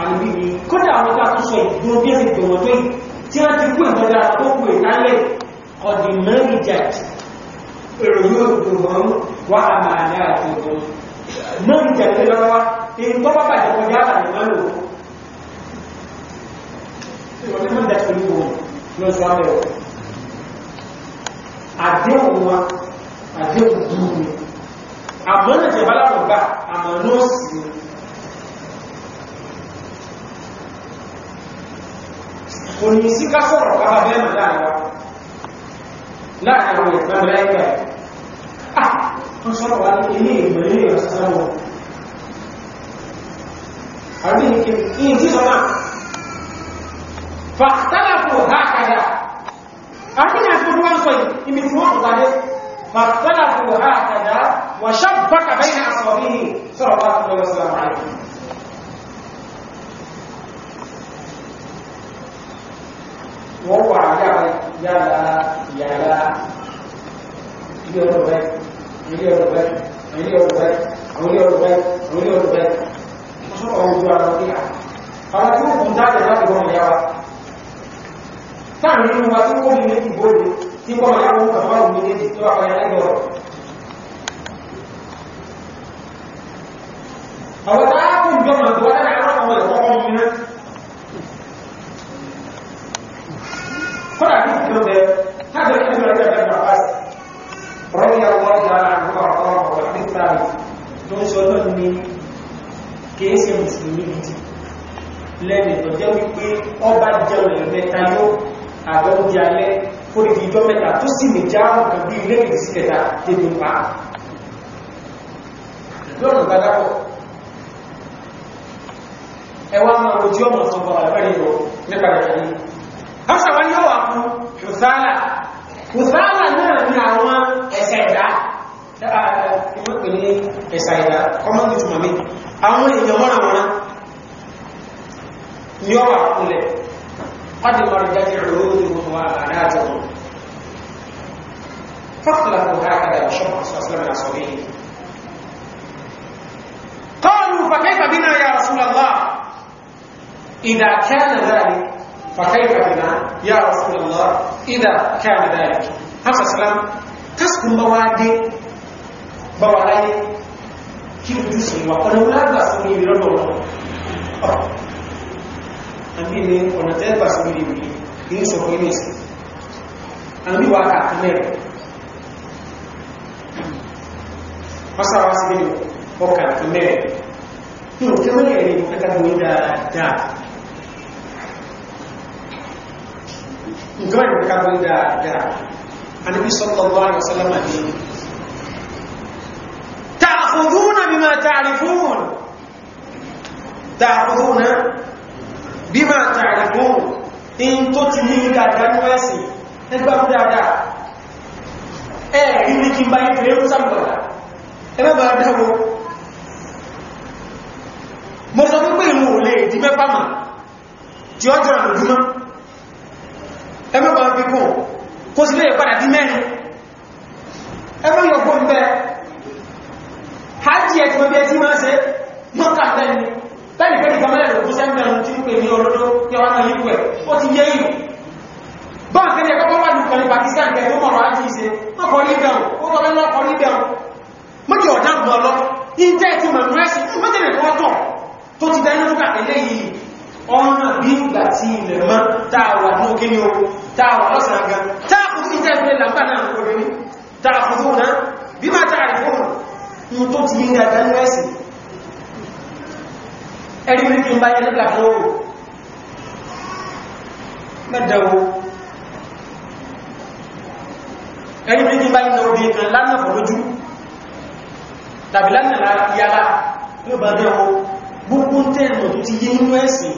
àlùbíbi kódà àwọn tó àtúnṣe ìgbìmọ̀ bí ẹ̀sìn tòwọ́tò yìí tí wọ́n ti kú ìtọ́jà tó kú ìtálẹ̀ ọ̀dìmẹ́rìjẹ̀tì عيوبهم وأماناتهم من تكلوا إن طلب الحجاب الملوك ومن تكلوهم لصالحهم àdéhùn wa àdéhùn dúró ni àmọ́ ní ìjọba láwọn gbà àmọ́ náà sì ni òní sí ká sọ̀rọ̀ bàbá bẹ́ẹ̀ mọ̀ láàrin wa láàrin àwọn ìgbàmọ́lá ẹgbẹ̀rẹ̀ wọ́n sọ̀rọ̀ wá ilé ìgbẹ̀ ilé ìrọ̀sọ̀rọ̀ àbí ìyìn tí sọ máa fàtàlàfò hákàdà àti ní àṣíkò wọ́n sọ ìmì tí wọ́n tàbí fàtàlàfò hákàdà wà ṣàbàkà bẹ́yìn àṣọ̀rí sọ̀rọ̀ wá sí lọ́wọ́ sọ̀rọ̀ àrẹ̀ wọ́n wà yára yára yára ilé ọ̀rọ̀ rẹ̀ ilé ọ̀rọ̀ báyìí ilé ọ̀rọ̀ báyìí àwọn ilé ọ̀rọ̀ báyìí àwọn ilé ọ̀rọ̀ báyìí wọ́n sọ̀rọ̀ ọ̀rọ̀ ojú ara pé àwọn tí wọ́n kún dáadé láti wọ́n ìyá wa táàrin nínú wa tí wọ́n ní méjì bóde tí wọ́n máa wọ́n kàwá òun méjèèjì tó wà pàyà lẹ́yìn ọ̀rọ̀ àwọn tá a kún jọ màá tó wá dára àwọn ọmọ ẹ̀kọ́ ọmọ mi kọ́dà kí n kí ló bẹ̀rẹ̀ káàkiri kí n lọ bẹ̀rẹ̀ pé kìí ṣe mùsùlùmí gidi lẹ́nì tó jẹ́ wípé ọba jẹun ẹ̀ mẹ́ta yóò àjọ oúnjẹ alẹ́ fóríkì ìjọ mẹ́ta tó sì lè já àwọn kan bí ilé ìdí sí kẹta tètè pa lọ́nà gbadapọ̀ ẹ wá máa rojú ọmọ sọ bọ̀ àlùbẹ́rẹ́ lọ nípa ìjà yìí ọ̀sẹ̀ wọn yóò wà fún hùsálà hùsálà náà ní àwọn ẹ̀sẹ̀ ìdá ìmọ̀pẹ̀ ní ẹ̀sà ìdá ọmọ ní túnmọ̀ mi àwọn èèyàn wọ́n àwọn ni ọwà kúnlẹ̀ ọdí mọ̀rọ̀ jáde ròódì wọn wà àdájọ́ wọn fọ́kùnlá kò há kàdà ṣọ́pọ̀ sọ́sílẹ̀ àṣọ́bí قالوا فكيف بنا يا رسول الله إذا كان ذلك فكيف بنا يا رسول الله إذا كان ذلك هذا السلام تسكن موادي bá wà láyé kí o jù sùn wà ọ̀nà lágbà sí ní ìrọ́lọ́ ọ̀rọ̀ àmì ní ọ̀nà tẹ́gbà sí ní ìrìn ní sọ pé ní ìsìn àmì wà kàkí mẹ́rin pásáwá sí nínú ọkà àti mẹ́rin ní òkè mẹ́rin ní ẹgbàgbọ́ ní dáadáa nǹkan ìrìnkágbọ́ ní dáadáa Ànábì sallallahu alaihi wasallam بما تعرفون تعرفون بما تعرفون إن تتمين كادان ويسي نتبقى دادا إيه إني كم بايت ريو سنبغا إما بعده mo sọ fún pé ìmú ò lè di mẹ́fà mà tí ó jọ àrùjúmọ́ ẹmẹ́kọ̀ọ́ fi kún kó sílé ìpadà di mẹ́rin ẹmẹ́ yọ̀gbọ́n bẹ́ẹ̀ hajji ẹ̀ tí wọ́n bí ẹ tí máa ṣe mọ́kà lẹ́ni bẹ́ẹ̀ni pẹ́lú gamẹ́lẹ̀ ló tó sẹ́gbẹ̀ ọ̀run tí ó pè ní olódó yẹwà náà yípo ẹ̀ ó ti yé ìlú bá kẹ́lẹ̀ kọ́kọ́ wà lùkọ́ ní Pakistan kẹ́ tó mọ̀rọ̀ ájì ṣe mọ́kọ̀ ní bẹ̀rún ó rọ bẹ́ẹ̀ mọ́kọ̀ ní bẹ̀rún mọ́kì ọ̀dá gbọ́ lọ ìjẹ́ ti mọ̀ nírẹ́sì mọ́tẹ̀lẹ̀ tó tọ̀ tó ti dá inú nígbà tẹ́lẹ̀ yìí ọ̀nà bí ìgbà tí ilẹ̀ mọ́ táà wà ní òkè ní oko táà wà lọ́sàn-án sí ìjẹ́ ìpínlẹ̀ làǹgbà náà kò rí ní táà kò náà bí máa táà rí fóònù ní tó ti ní ẹ̀dá ní ẹ̀sìn ẹ̀rí orí kí n bá yẹ nígbà tó rò mẹ́dẹ̀wò ẹ̀rí orí kí n bá yẹ obì kan lánà fòlójú tàbí lánà yára ní ọba dẹ́wò gbogbo tẹ́ẹ̀nà tó ti yé nínú ẹ̀sìn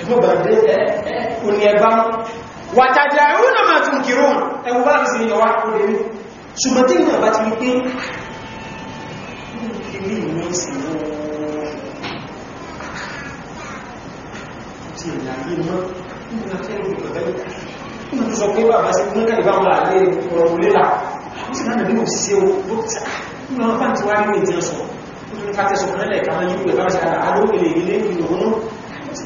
ẹ̀gbọ́n bàdé ẹ̀ wàtàjà ẹ̀rùn náà máa tún kìrún ẹwọ bá fi sí ìyọwà olè rí ṣùgbọ́n tí ìyàn bá ti rí pé ilé ìwé sí ti ìlàyé mọ́ nígbà tí ẹ̀rùn ìgbàgbẹ́ nígbà tó sọ pé bàbá sí fún kàlìbá wọn àlẹ́ ọ̀rọ̀ olélà ó ní ìjẹun sọ ó tún ká tẹsọ fún ẹlẹ́ẹ̀kan yìí pẹ̀lú àwọn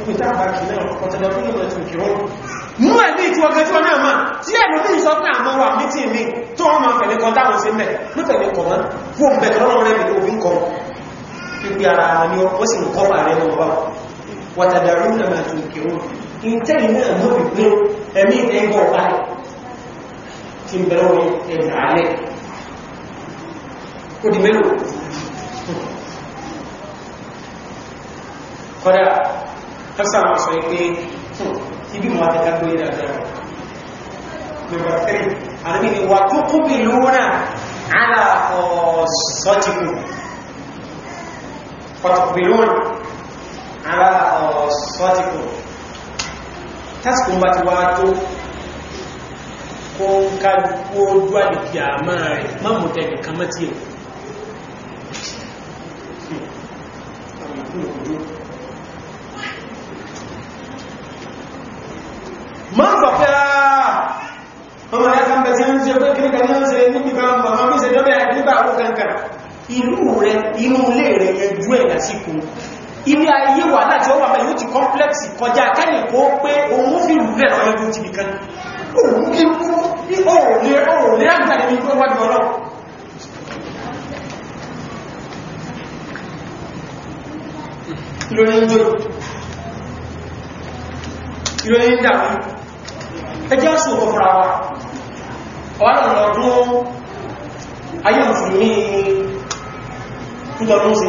níbi tá àbákì náà ọ̀tẹ̀lẹ̀ fún lọ́nà tí ó mú ẹ̀mí ìtí ọgá tí wọ́n náà máa tí ẹ̀mí tí ìsọ́ pé àmọ́ wà ní tí mi tó wọ́n máa fẹ̀lẹ̀ kan dáwọn sí mẹ́ ló fẹ̀lẹ̀ kọ̀ mọ́ fún òun bẹ̀rẹ̀ lọ́rọ̀ rẹ̀ nínú òbí kan pípẹ́ ara ni ó sì ń kọ́ bà rẹ̀ lọ́wọ́ wàtàdàrú náà máa tún kìrún ìtẹ́lì náà mọ́ wípé ẹ̀mí kásàmà sọ pé ibi mọ̀ àtẹ́kàgbé dáadáa number three àdúgbì ni wà tó kú bí lóòrà àlà ọ̀sọ́tìkù fọ́tùkùbìlóòrà àlà ọ̀sọ́tìkù tásìkò bá ti wá tó kó ń ká ojú àdìkì kamatiyo. ṣe pé kí nìkan ní ó ṣe níbi kan màmá mi ṣe lọ́bẹ̀ nígbà àwọn kankan inú rẹ inú ilé rẹ yẹn ju ẹ̀ lásìkò ilé ayé wà láti ọwọ́ àmà yóò ti kọ́mplẹ́ksì kọjá kẹ́nìkó pé òun fi lùlẹ̀ ọ̀yẹ́ tó ti nìkan òun kí kú ní òòlé òòlé àgbàdì ní pé wájú ọlọ́ ìròyìn jò ìròyìn dàmí ẹjẹ́ ọ̀sùn ọ̀fọ̀ra wa ọ̀rọ̀ ọdún ayé mùsùlùmí kúlọ̀dún sí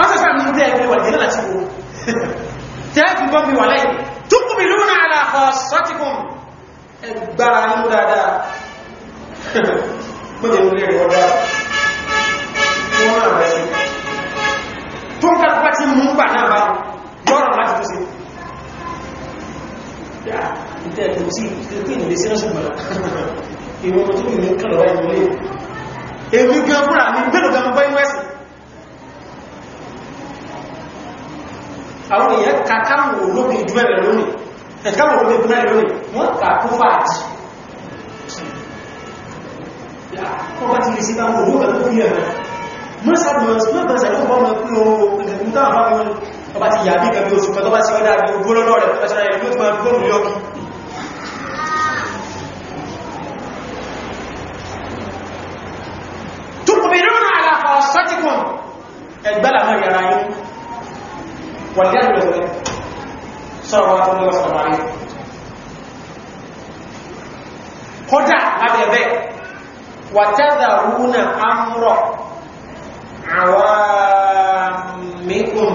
ọ́sọ̀sọ̀ mi jẹ́ ẹgbẹ́ wà jẹ́lá tí ó tẹ́ẹ̀kì gbọ́ mi wà lẹ́yìn tó kú mi lónà àlàkọ̀ sọ́tíkùn ẹgbàrà nínú dáadáa mọ́jẹ̀ lórí ń kàkọ́ tí mú gbà báyìí yá ìtẹ́ ẹ̀kọ́ tí ìtẹ́kọ́ ìdílé sí lọ́sùn gbọ́dọ̀ ìwọ̀n tó ní nǹkan lọ́wọ́ ìwọlé èmi gan fúnra mi gbẹ́lò gan gbọ́ inú ẹ̀sìn àwọn èèyàn kàkàmù olóbìn ìjú ẹ̀rẹ̀ lónìí ẹ̀kàmù olóbìn ìjú ẹ̀rẹ̀ lónìí wọ́n kà kó fàájì wọ́n bá ti lè sí bá wọn olóbìn ìjú ẹ̀rẹ̀ mọ́sàdùn ọ̀sán mẹ́bẹ̀rẹ̀ sàdùn ọ̀pọ̀ ọmọ ẹ̀kú tó bá ti yà bí kẹbí oṣù kan tó bá ti rí àti ojú lọ́lọ́ rẹ̀ pẹ̀sẹ̀ rẹ̀ ló ti máa gbóòrùn yọ́kì tukùnbìnrin àlàfà sọ́tìkùn ẹgbẹ́lá mọ́ yàrá yìí wọ́n àwọn mẹ́kùnrin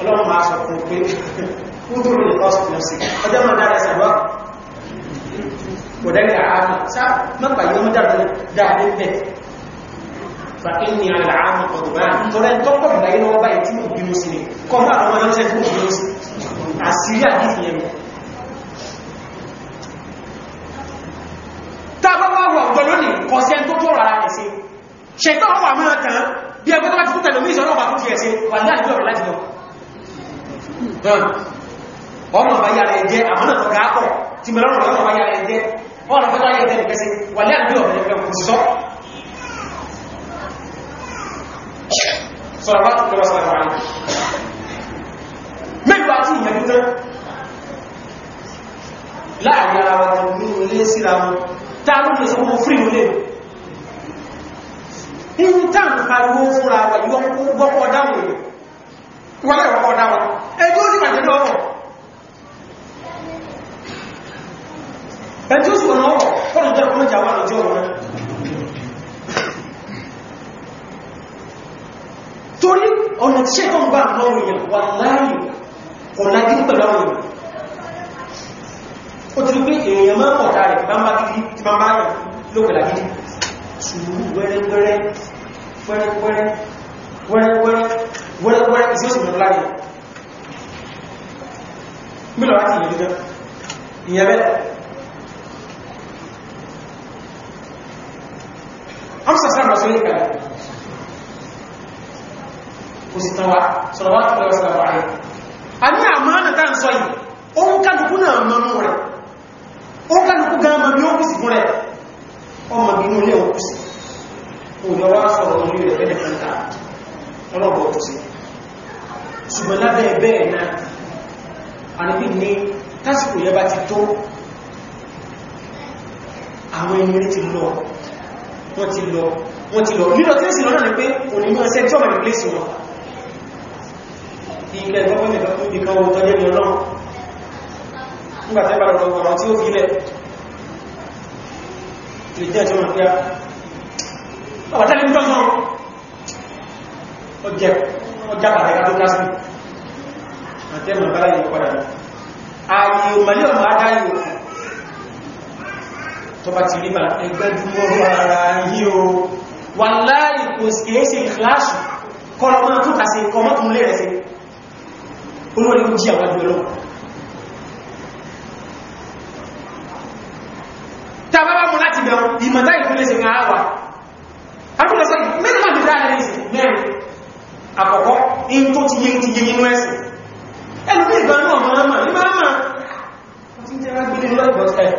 ọlọ́run máa sọ fún pé kúndùrú ní first nurse ọjọ́ máa dára ṣàgbọ́ kòdẹ́ni àáfà sá mọ́pà yóò mú dáadé dáadé bẹ̀ fàkí ní àlà àáfà ọ̀dọ̀bá tọ́lá ẹni tọ́pọ̀ ìgbà yìí lọ́wọ́ báyìí tí mo bínú sí ni kọ́ máa àwọn ọmọ ẹlẹ́sẹ̀ tó bínú sí àṣírí àdìsí yẹn tábà wà wà ọ̀gbẹ́ lónìí kọ́ sí ẹni tó tó rà rẹ̀ sí ṣètò àwọn àmọ́ tán bí ẹgbẹ́ tó bá ti kú tẹ̀lómí ìṣọ́nà ọba tó fi ẹ̀ sí wà láàrin ọ̀rọ̀ láti lọ náà ọmọ báyà rẹ̀ jẹ́ àmọ́nà tọ́gá pọ̀ tí mẹ́rọ̀rọ̀ ọmọ báyà rẹ̀ jẹ́ ọ̀nà tọ́gá yẹ̀ jẹ́ nìkẹ́sí wà ní àdúrà ọ̀rẹ́ rẹ̀ kò sọ sọ̀rọ̀ láti tọ́wọ́ sọ̀rọ̀ rẹ̀ mẹ́gbà tí ìyẹn dúdá láàrin ara wa tẹ̀lú ní ilé síra wọn tá ló lè sọ fún fún ìwọlé inú táà ń dáwọn ẹgbẹ́ sí wẹ́rẹ́wẹ́rẹ́ wẹ́rẹ́wẹ́rẹ́ wẹ́rẹ́wẹ́rẹ́ wẹ́rẹ́wẹ́rẹ́ tí ó gbílọ̀ láti lè dídá ìyẹn bẹ́ẹ̀ amsa sáàmà sórí ìkàlẹ̀ kò sì tán wa sọ̀rọ̀ wá tó lọ́wọ́ sọ̀rọ̀ wáyé a ní àmánà tá ń sọ yìí ó ń kálukú náà mọ́nú rẹ̀ ó ń kálukú gan mọ́ bí ó kù sí fún rẹ̀ ọmọ inú ilé òkú sí òjò wá sọ̀rọ̀ orí rẹ̀ bẹ́ẹ̀ kan ta ọlọ́bọ̀ òkú sí ṣùgbọ́n lábẹ́ bẹ́ẹ̀ náà àníbí ní tásìkò yẹ bá ti tó àwọn ènìyàn ti lọ wọ́n ti lọ wọ́n ti lọ lílọ tí ó sì lọ náà ni pé onímọ̀ ẹsẹ́ tí ọmọ ìpínlẹ̀ sí wọn ilẹ̀ gọ́ọ̀mẹ̀ntì tó tóbi kan wọ́n tọ́jẹ́ ní ọlọ́run nígbàtẹ́ bá lọ́rọ̀ ọ̀rọ̀ tí ó fi ilẹ̀ lè jẹ́ ìjọmọ̀ pé ọ̀tẹ́lẹ̀ ń tọ́jọ́ ọjà pàtàkì tó kásìmù àti ẹ̀mọ̀ bára yìí padà ààyè òmàlẹ́ ọmọ adáyò tọba ti rí bá ẹgbẹ́ dúró ara yí o wà láì kò èéṣe ìkìláṣù kọlọmọ tó tàṣe kọmọ tó lè rẹ̀ sí olóòrè ó jí àwọn ìjọ lọ́wọ́ tàbábá mú láti bẹ̀rún ìmọ̀dá ìfúnlẹ̀ṣẹ̀ ní àwà akúnlẹ̀ṣẹ̀ mẹ́rin àbìdá rẹ̀ sí mẹ́rin àkọ́kọ́ in tó ti yé ti yé nínú ẹ̀sìn ẹnu bí ìgbà náà máa máa ní máa máa ti ń tẹ́ra gbílé lọ́gbọ̀ọ́sẹ̀ eh,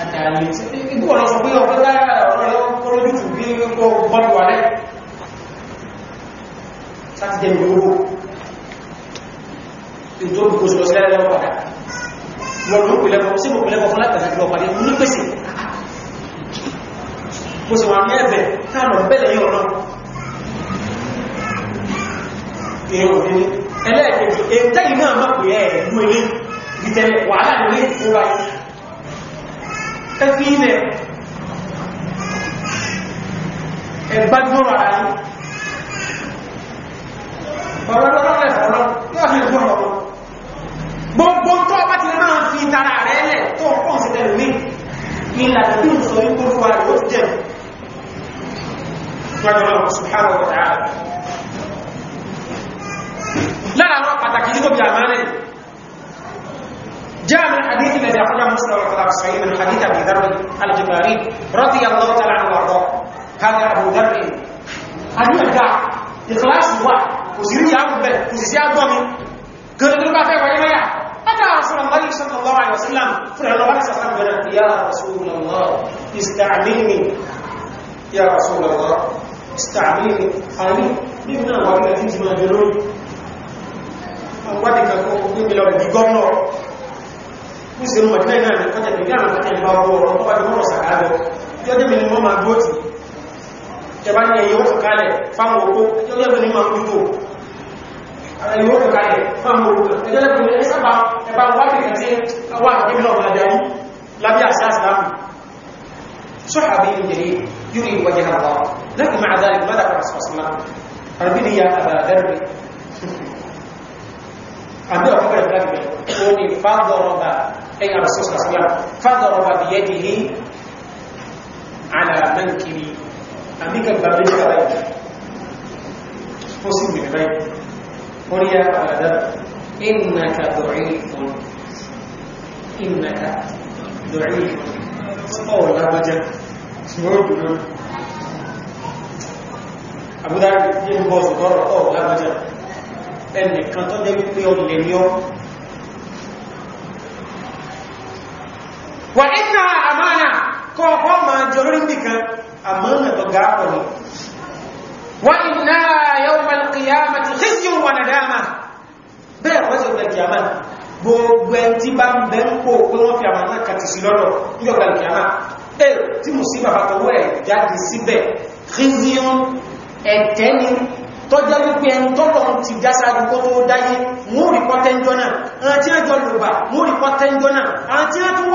àdàlẹ̀ tí ibú ọ̀rọ̀ sọ pé ọ̀pẹ́ lára ọ̀rọ̀ kọ́lójú tù bí ó bọ́ọ̀lù wà rẹ̀ láti jẹ́ ìgbòho ètò ìkóṣọ́ sí ẹ̀rọ padà lọ́dún pẹ̀lẹ́kọ̀ọ́ sí mo pẹ̀lẹ́kọ̀ọ́ fún látàrí ọ̀pàdé ní pèsè mo sì wà ní ẹ̀bẹ̀ táàmù bẹ́ẹ̀ lẹ́yìn ọ̀nà èrò nínú ẹlẹ́ẹ̀kejì ẹ̀tẹ́lì náà mọ́ pé ẹ̀ẹ̀lú ilé ìtẹ̀lẹ̀ wàhálà nílé ìfúra ẹfí ilẹ̀ ẹgbàgbọ́rọ̀ ara yìí ọ̀rọ̀ lọ́rọ̀ lẹ́fọ̀ọ́lọ́ yóò fi ẹ̀gbọ́n ọ̀rọ̀ gbogbo tó ọba ti máa fi tara rẹ̀ lẹ̀ tó pọ̀ sí tẹ̀lú mi ìlà tí ó sọ ikú fún ara rẹ̀ ó ti jẹ́ lára àwọn pàtàkì yíò bí a máa rẹ̀ jáàmù àdíjì lè dákúrà mú sínú ọlọ́pàá sọ yìí mẹ́rin àdíjà bí dárẹ̀ aljibari rọ́tí ya lọ́wọ́ tẹ́lá àwọn ọ̀rọ̀ kárí àbúdárẹ̀ àdíjà gá ìfàláṣì wà kò sí rí àwọn bẹ̀rẹ̀ kò sí sí àgbọ́ mi gẹ́gẹ́ Ibn Abi Latif jima jẹ lórí wádìí kan di gọ́nà ní ṣe mọ̀ díẹ̀ náà ní kọjá ní àwọn akẹ́kẹ́ ìbá ọwọ́ di mọ́rọ̀ sàkà lọ yóò jẹ́ mi ni wọ́n máa gbó tì jẹba ní ẹ̀yẹ́ òkú kalẹ̀ fáwọn òkú yóò jẹ́ mi ni máa gbúdò ẹ̀yẹ́ òkú kalẹ̀ fáwọn òkú ẹjọ́ lẹ́kùn ní sábà ẹ̀bá wádìí kan tí wà ní ìlọ ọ̀gbàdarí lábẹ́ àṣà يريد وجه الله لكن مع ذلك ماذا قال صلى الله عليه وسلم ربي يا أبا ذر Abu Bakar bilang ini, ini fadoroba, eh Rasulullah SAW, fadoroba biyadihi ala mankiri. Ambil kan babi kalai, musim ini baik. Korea ada, innaka du'ifun, innaka du'ifun. Oh, lah lawaja, semua dulu. Abu Dhabi, dia membawa sekolah, oh, lawaja. ẹnìkan tó jẹ́ wípé ọlẹ̀ ní ọ́ wà nígbà àmánà kọ́ ọkọ́ ma jọ lórí nìkan àmánà tó ga pọ̀ ní wà iná yawmal qiyamati khizyun wà nadama bẹ́ẹ̀ wọ́n sì gbẹ̀ kìyàmà gbogbo ẹn tí bá ń bẹ́ ń pò pé wọ́n fi àmánà kàtì sí lọ́dọ̀ yọ̀gbà kìyàmà ẹ̀ tí mùsíbà bàtọ̀wọ́ ẹ̀ jáde síbẹ̀ khizyun ẹ̀tẹ́ni tó jẹ́ wípé ẹni tọ́lọ̀ ti dásáàdù kó tó dáyé mú rí pọ́tẹ́njọ́ náà àti ẹjọ́ lòbà mú rí pọ́tẹ́njọ́ náà àti ẹjọ́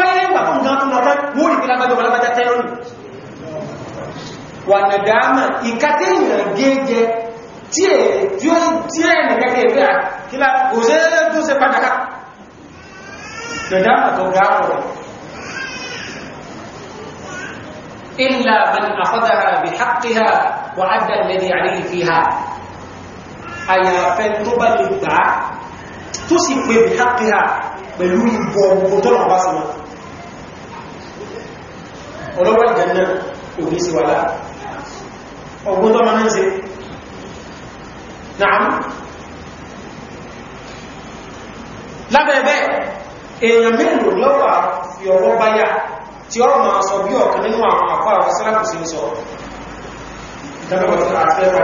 wáyé ìgbà إلا من أخذها بحقها وعد الذي عليه فيها àyàfẹ́ tó bá lè gbà á tó sì pé bí hápíhà pẹ̀lú ìbò ọmọ tó lọ́wọ́ sí wọn ọlọ́wọ́ ìjẹ́nà kò ní sí wà láà ọgbọ́n tó máa ń ṣe náà lábẹ́ẹ̀bẹ́ èèyàn mélòó lọ́wọ́ fi ọwọ́ báyà tí ọ máa sọ bí ọ̀kan nínú àwọn àpá àwọn sílápù sọ ìdábẹ̀wọ̀ tó àti ẹ̀wà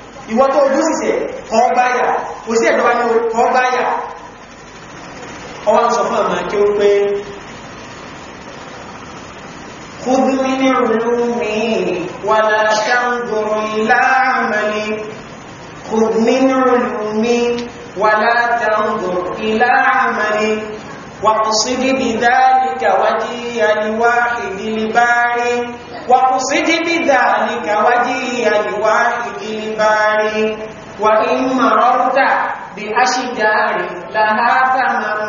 ìwọ tó ojú sísẹ̀ kọ́ báyà kò sí ẹ̀dọ́wà ní kọ́ báyà ọwọ́n sọ fún àmà kí ó pé kúdúmínì rúmi wà látàndùrù ìlàmàlì kúdúmínì rúmi wà látàndùrù ìlàmàlì وقصد بذلك وجيا واحد لباري وقصد بذلك وجيا واحد الباري وإن مررت بأشجار لها ثمر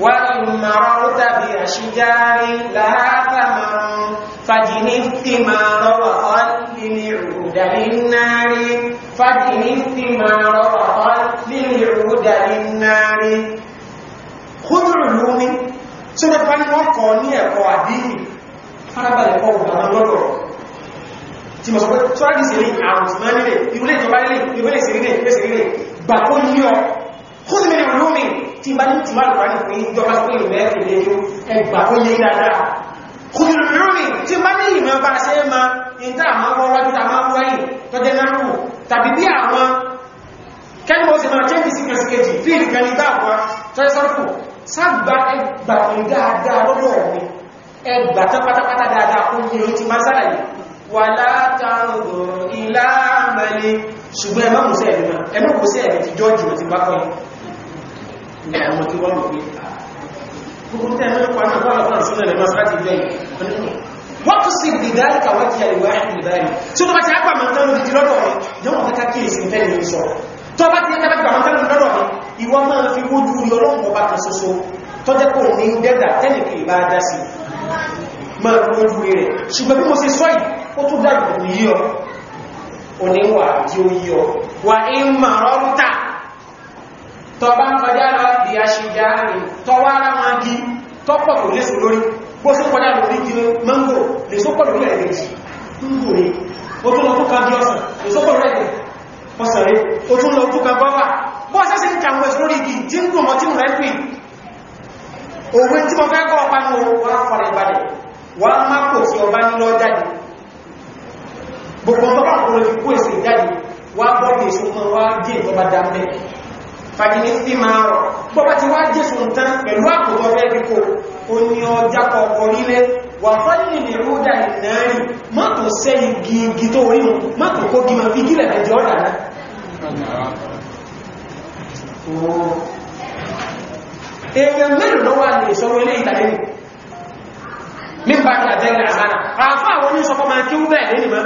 وإن مررت بأشجار لها ثمر فاجنب ثمار وخل للعود للنار فاجنب ثمار وخل للعود للنار خذ علوم سنة فاني وقوني أقوى ديني tí mọ̀ sọ pé tíwájú sí ní àrùn tí máa nílé ìwúlé ìjọba nílé ìwúlé sí nílé ìwúlé sí nílé gbà kó ní ọ kó sì mẹ́rin olú mi tí bá ní tí máa lùkà ní fún ìjọba sí ìlú mẹ́rin lè yó ẹgbà kó yé dáadáa kó sì mẹ́rin olú mi tí bá ní ìmọ̀ bá ṣe é ma ń tá àmọ́ wọ́n wájú tá máa wáyé tó jẹ́ náà kù tàbí bí àwọn tán pátápátá dáadáa kó yẹ ó máa sára yìí wà látàrùn ilá mẹ́lẹ́ ṣùgbọ́n ẹmọ́ kò sí ẹ̀mí náà ẹmọ́ kò sí ẹ̀mí ti jọ́jù ti bá kọ́ ní àwọn tí wọ́n mọ̀ pé gbogbo tẹ́ ẹ̀mọ́ pa náà wọ́n lọ́nà sílẹ̀ lẹ́mọ́ sáti jẹ́ wọ́n kò sí ìdídáríkà wájú àríwá ìdídárí tí ó tó bá ti ápà mọ̀tán lórí ti lọ́dọ̀ rẹ̀ yọ́wọ́n kẹta kí èsì ìfẹ́ ìlú sọ tó bá ti máa rú ojú rẹ̀ ṣùgbọ́n bí mo ṣe sọ ó tún dàgbà yí ọ oníwà tí ó yí ọ wà ń mà rọ́rùtà tọba ń kọjá lọ di aṣíjá rẹ̀ tọwọ́ ara máa di tọ́pọ̀ tó lé lórí lórí di tí mo fẹ́ kọ́ ọ̀pá ní owó wá fọ́rẹ̀ balẹ̀ wọ́n á máa kò sí ọba nílọ jáde gbogbo ọba kò lè kó èsè jáde wọ́n á bọ́ èso kan wá jẹ́ ìjọba dáńbẹ́ fàdínì sí máa rọ̀ bọ́bá ti wá jésù tán pẹ̀lú àkótọ́ fẹ́ fi kó o ní ọjà kọ̀ọ̀kọ̀ nílẹ̀ wà fọ́nì ní rúdà ìnáàrí má tó sẹ́ igi igi tó orí mu má tó kó gímọ̀ bí èèyàn mẹ́rin lọ́wọ́ àlè ìṣọ́rọ̀ ilé ìtàlẹ́yìn min ba ka jẹ́rẹ̀ àzára àfá àwọn oníṣọ́kọ́ máa kí ó bẹ̀ẹ̀ lè nìmá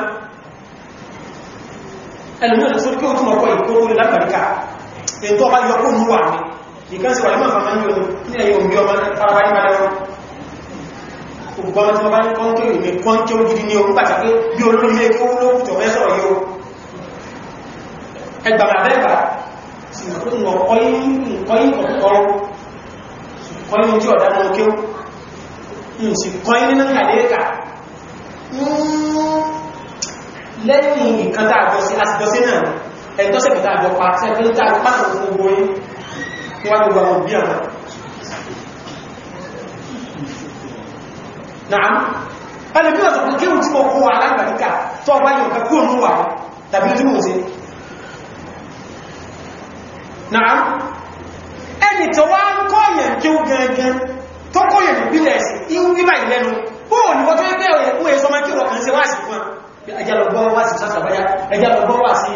ẹlùmí ọ̀sọ́ kí ó túnmọ̀ kọ́ ìkóró ní lápàríkà èyí tó bá yọkó mú wà ní ìkánsí wà lẹ́mọ̀ fàmà ní ilẹ̀ yóò mú ọmọ farabari ma lẹ́wọ́ ògbọ́n tí wọ́n bá ní kọ́ńkẹ́ ìmẹ̀ kọ́ńkẹ́ kí ó ìsì kan nínú kàlẹ́ẹ̀kà lẹ́yìn nǹkan tààjọ sí àtìjọsí náà ẹ̀tọ́sẹ̀ pẹ̀ta àjọ pàtẹ́ pẹ̀lú tààjọ pàtàkì fún gbogbo yí wọ́n gbogbo àwọn òbí àwọn náà ẹlẹ́bí ọ̀sọ̀ pé kí o tí mo kó alágbàríkà tó ọgbá yóò kẹ́ kí o ní wà tàbí tí mo ṣe náà ẹni tó wá ń kọ́ yẹn kí o gẹ́gẹ́ tó kó yẹ̀ ní bílẹ̀ ẹ̀sì ihun bíbà ìlẹ́nu bó ní wọ́n tó ẹgbẹ́ òyìnbó èso máa kí wọ́n kàn ṣe wá sí fún ẹjálọgbọ́ wá sí sásàbáyá ẹjálọgbọ́ wá sí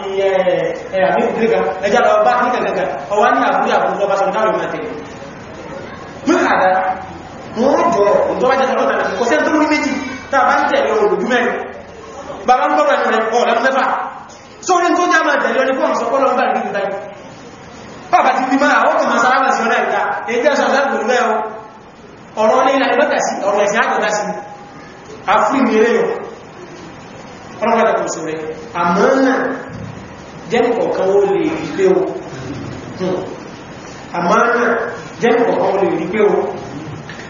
àmì ìgbéga ẹjálọgbá ní gàgàgà ọwá ní àbúrí àbúrúgbọ́ bá sọ̀rọ̀ dáwọn ìmọ̀tẹ̀lẹ̀ mọ́kàdá wọ́n jọ òǹdọ́bájá sọ̀rọ̀ tàbí kò sẹ́ntọ́ lórí méjì tàbá ń tẹ̀lé olùdúmẹ́rin bàbá ń gbọ́rọ̀ ẹ̀rẹ̀ ọ̀lẹ́mú mẹ́fà sórí tó já máa tẹ̀lé oníkọ́ ìsọpọ̀lọ́ ọgbà ìrìn ìdáyìí bàbá ti bí máa àwọn kò ọ̀rọ̀ ní ilẹ̀ lọ́tà sí ọ̀rọ̀ ìsìn àgbọ̀tà sí afrí mi eré yàn ọlọ́pàá kò sí rẹ̀ àmọ́ náà jẹ́nu kọ̀ọ̀kan ó lè rí pé o hmm. àmọ́ náà jẹ́nu kọ̀ọ̀kan ó lè rí pé o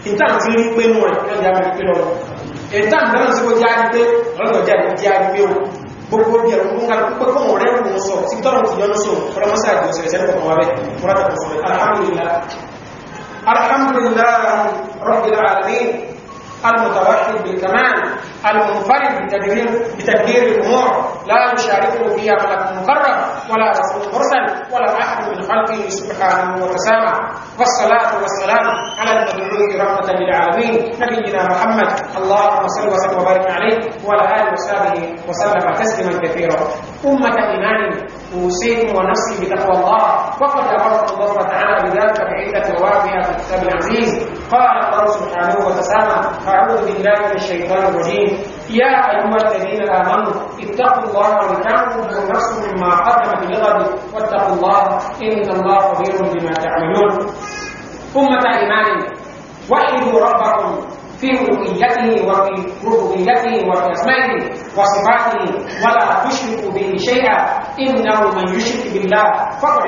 ìtàn tí rí pé nù rẹ̀ lọ́jà rí pé lọ́rọ̀ ìtàn náà sí kó jẹ́ àrí pé ọlọ́dọ̀ jẹ́ àrí jẹ́ àrí o gbogbo bí ẹ̀rù ń kàrí pé kọ́ ọ̀rẹ́ ń sọ tí tọ́rọ̀ ti yọ́nú sọ ọlọ́mọsá àgbọ̀sẹ̀rẹ̀ sẹ́nu kọ̀ọ̀kan wá bẹ́ẹ̀ mọ́rátàkùn الحمد لله رب العالمين المتوحد بالكمال المنفرد بتدبير بتدبير الامور لا يشاركه فيها ملك مقرب ولا رسول مرسل ولا احد من خلقه سبحانه وتسامى والصلاه والسلام على المبعوث رحمه للعالمين نبينا محمد اللهم صل وسلم وبارك عليه وعلى اله وصحبه وسلم تسليما كثيرا امه ايمان أوصيكم ونفسي بتقوى الله وقد أمرت الله تعالى بذلك بعدة مواقف في الكتاب العزيز قال الله سبحانه وتعالى أعوذ بالله من الشيطان الرجيم يا أيها الذين آمنوا اتقوا الله ولتنظر نفس مما قدمت لغد واتقوا الله إن الله خبير بما تعملون أمة إيمان وحدوا ربكم في رؤيته وفي ربوبيته وفي أسمائه وصفاته ولا تشركوا به شيئا إنه من يشرك بالله فقد